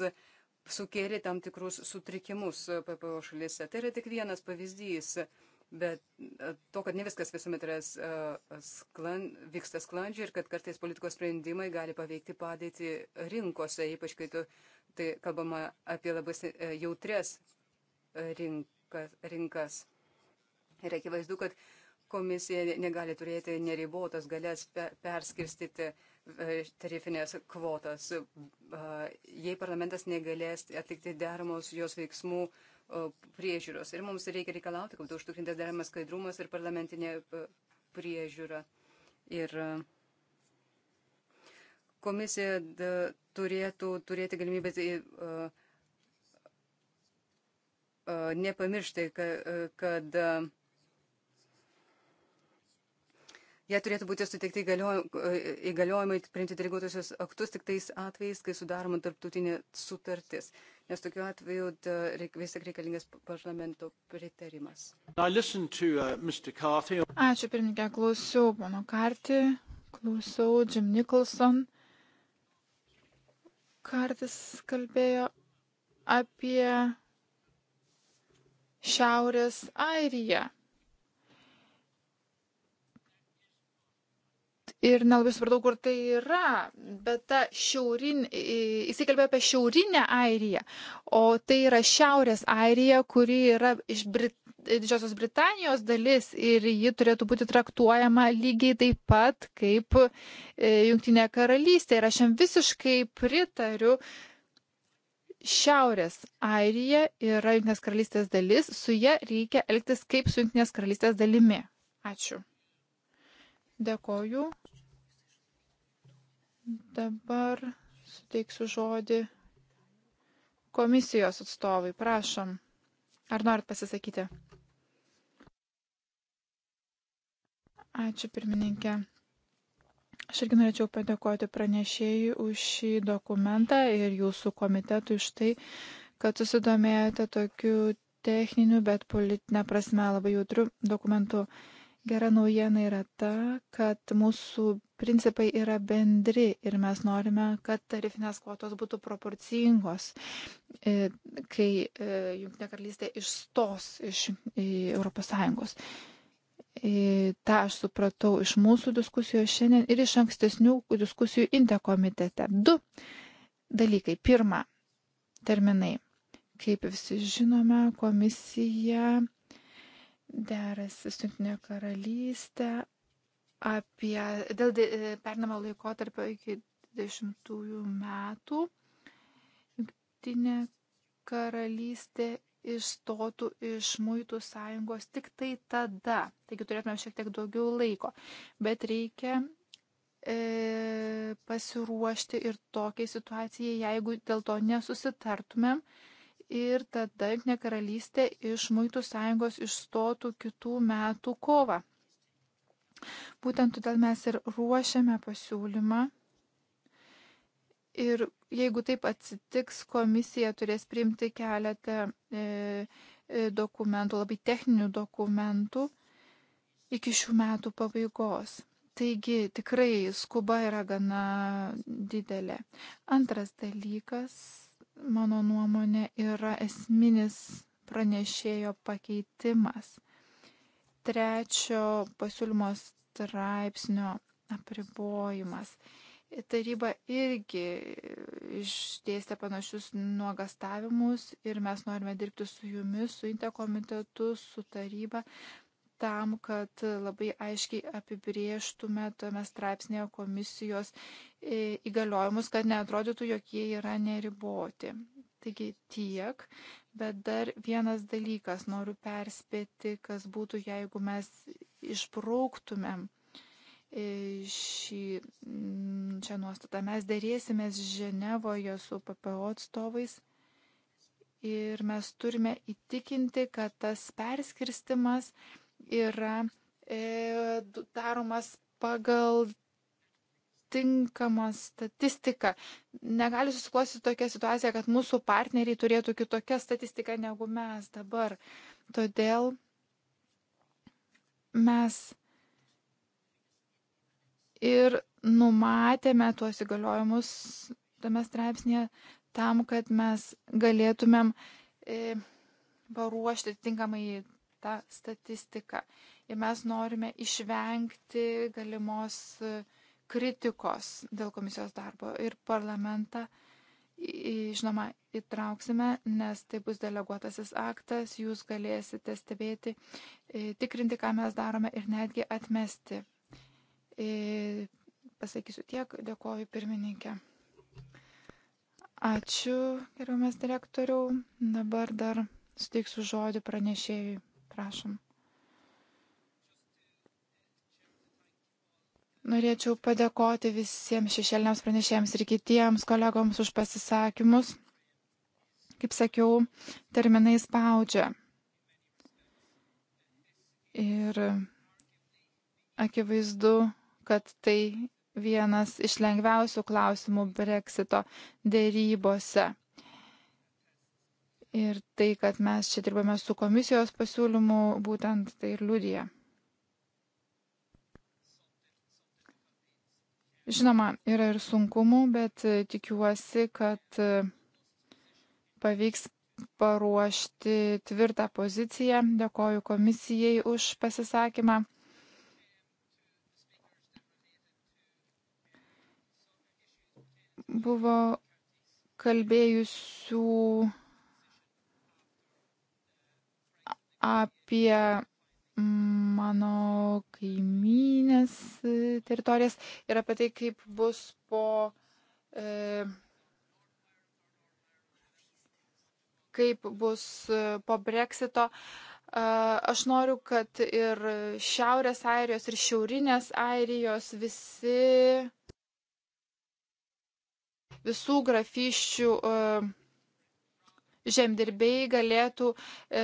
sukėlė tam tikrus sutrikimus PPO šalyse. Tai yra tik vienas pavyzdys. Uh, bet e, to, kad ne viskas visuomet yra e, sklan, vyksta sklandžiai ir kad kartais politikos sprendimai gali paveikti padėti rinkose, ypač kai tu, tai kalbama apie labai e, jautres rinkas. rinkas. Ir akivaizdu, kad komisija negali turėti neribotas galės perskirstyti tarifinės kvotas, jei parlamentas negalės atlikti deramos jos veiksmų uh, priežiūros. Ir mums reikia reikalauti, kad būtų užtikrintas deramas skaidrumas ir parlamentinė e, priežiūra. Ir e, komisija turėtų turėti galimybę e, nepamiršti, kad jie turėtų būti suteikti įgaliojimai priimti deleguotusius aktus tik tais atvejais, kai sudaroma tarptautinė sutartis nes tokiu atveju reik, vis tik reikalingas parlamento pritarimas. To, uh, Carthy... Ačiū, pirmininkė, klausiau pono Kartį, klausiau Jim Nicholson. Kartis kalbėjo apie Šiaurės Airiją. ir nelabai supratau, kur tai yra, bet ta šiaurinė, jisai kalbėjo apie šiaurinę Airiją, o tai yra šiaurės Airija, kuri yra iš Brit... Didžiosios Britanijos dalis ir ji turėtų būti traktuojama lygiai taip pat kaip e, Junktinė karalystė. Ir aš jam visiškai pritariu, Šiaurės Airija yra Junktinės karalystės dalis, su ja reikia elgtis kaip su Junktinės karalystės dalimi. Ačiū. Dėkoju. Dabar suteiksiu žodį komisijos atstovai. Prašom. Ar norit pasisakyti? Ačiū pirmininkė. Aš irgi norėčiau padėkoti pranešėjai už šį dokumentą ir jūsų komitetui už tai, kad susidomėjote tokiu techniniu, bet politinė prasme labai jautriu dokumentu. Gera naujiena yra ta, kad mūsų principai yra bendri ir mes norime, kad tarifinės kvotos būtų proporcingos, e, kai e, Junktinė karalystė išstos iš ES. E, Ta aš supratau iš mūsų diskusijos šiandien ir iš ankstesnių diskusijų inte komitete. Du dalykai. Pirma, terminai. Kaip visi žinome, komisija derasi su Junktinė karalystė apie dėl e, pernamo laikotarpio iki 20 metų jungtinė karalystė išstotų iš muitų sąjungos tik tai tada. Taigi turėtume šiek tiek daugiau laiko. Bet reikia e, pasiruošti ir tokiai situacijai, jeigu dėl to nesusitartumėm. Ir tada Junktinė karalystė iš muitų sąjungos išstotų kitų metų kovą. Būtent todėl mes ir ruošiame pasiūlymą. Ir jeigu taip atsitiks, komisija turės priimti keletą e, e, dokumentų, labai techninių dokumentų iki šių metų pabaigos. Taigi tikrai skuba yra gana didelė. Antras dalykas, mano nuomonė, yra esminis pranešėjo pakeitimas trečio pasiūlymo straipsnio apribojimas. Taryba irgi išdėstė panašius nuogastavimus ir mes norime dirbti su jumis, su interkomitetu, su taryba, tam, kad labai aiškiai apibrieštume tame straipsnėje komisijos e, įgaliojimus, kad neatrodytų, jog jie yra neriboti. Taigi tiek, bet dar vienas dalykas noriu perspėti, kas būtų, jeigu mes išbrauktumėm e, šį čia nuostatą. Mes dėrėsimės Ženevoje su PPO atstovais ir mes turime įtikinti, kad tas perskirstimas yra e, daromas pagal tinkamą statistiką. Negali susiklosti tokia situacija, kad mūsų partneriai turėtų kitokią statistiką negu mes dabar. Todėl mes ir numatėme tuos įgaliojimus tame straipsnėje tam, kad mes galėtumėm e, paruošti tinkamai tą statistiką. Ir mes norime išvengti galimos e, kritikos dėl komisijos darbo ir parlamentą. Žinoma, įtrauksime, nes tai bus deleguotasis aktas, jūs galėsite stebėti, e, tikrinti, ką mes darome ir netgi atmesti. E, pasakysiu tiek, dėkoju pirmininkė. Ačiū, gerbiamas direktoriau. Dabar dar suteiksiu žodį pranešėjui. Prašom. Norėčiau padėkoti visiems šešėliniams pranešėjams ir kitiems kolegoms už pasisakymus. Kaip sakiau, terminai spaudžia. Ir akivaizdu, kad tai vienas iš lengviausių klausimų breksito dėrybose. Ir tai, kad mes čia dirbame su komisijos pasiūlymu, būtent tai ir liudija. Žinoma, yra ir sunkumų, bet e, tikiuosi, kad e, pavyks paruošti tvirtą poziciją. Dėkoju komisijai už pasisakymą. Buvo kalbėjusių apie mm, mano kaimynės e, teritorijas ir apie tai, kaip bus po. E, kaip bus e, po breksito. Aš noriu, kad ir Šiaurės Airijos, ir Šiaurinės Airijos visi visų grafiščių uh, e, žemdirbiai galėtų e,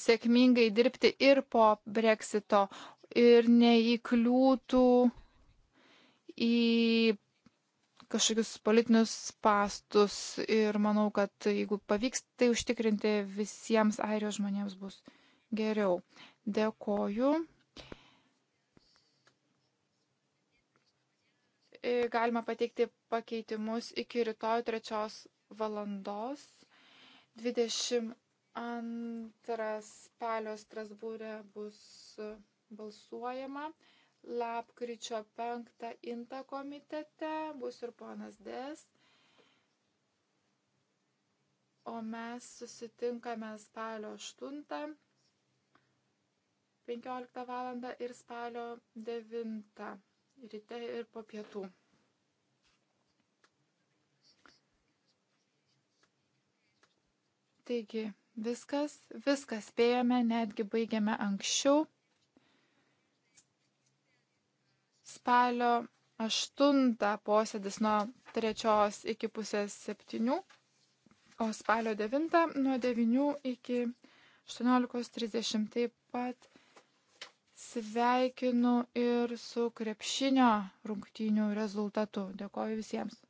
sėkmingai dirbti ir po breksito ir neįkliūtų į kažkokius politinius pastus ir manau, kad jeigu pavyks tai užtikrinti visiems airijos žmonėms bus geriau. Dėkoju. Galima pateikti pakeitimus iki rytoj trečios valandos. 22 spalio Strasbūrė bus balsuojama. Lapkričio 5 Inta komitete bus ir ponas Des. O mes susitinkame spalio 8, 15 val. ir spalio 9 ryte ir po pietų. Taigi viskas, viskas spėjome, netgi baigėme anksčiau. Spalio 8 posėdis nuo 3 iki pusės 7, o spalio 9 nuo 9 iki 18.30 taip pat sveikinu ir su krepšinio rungtynių rezultatu. Dėkoju visiems.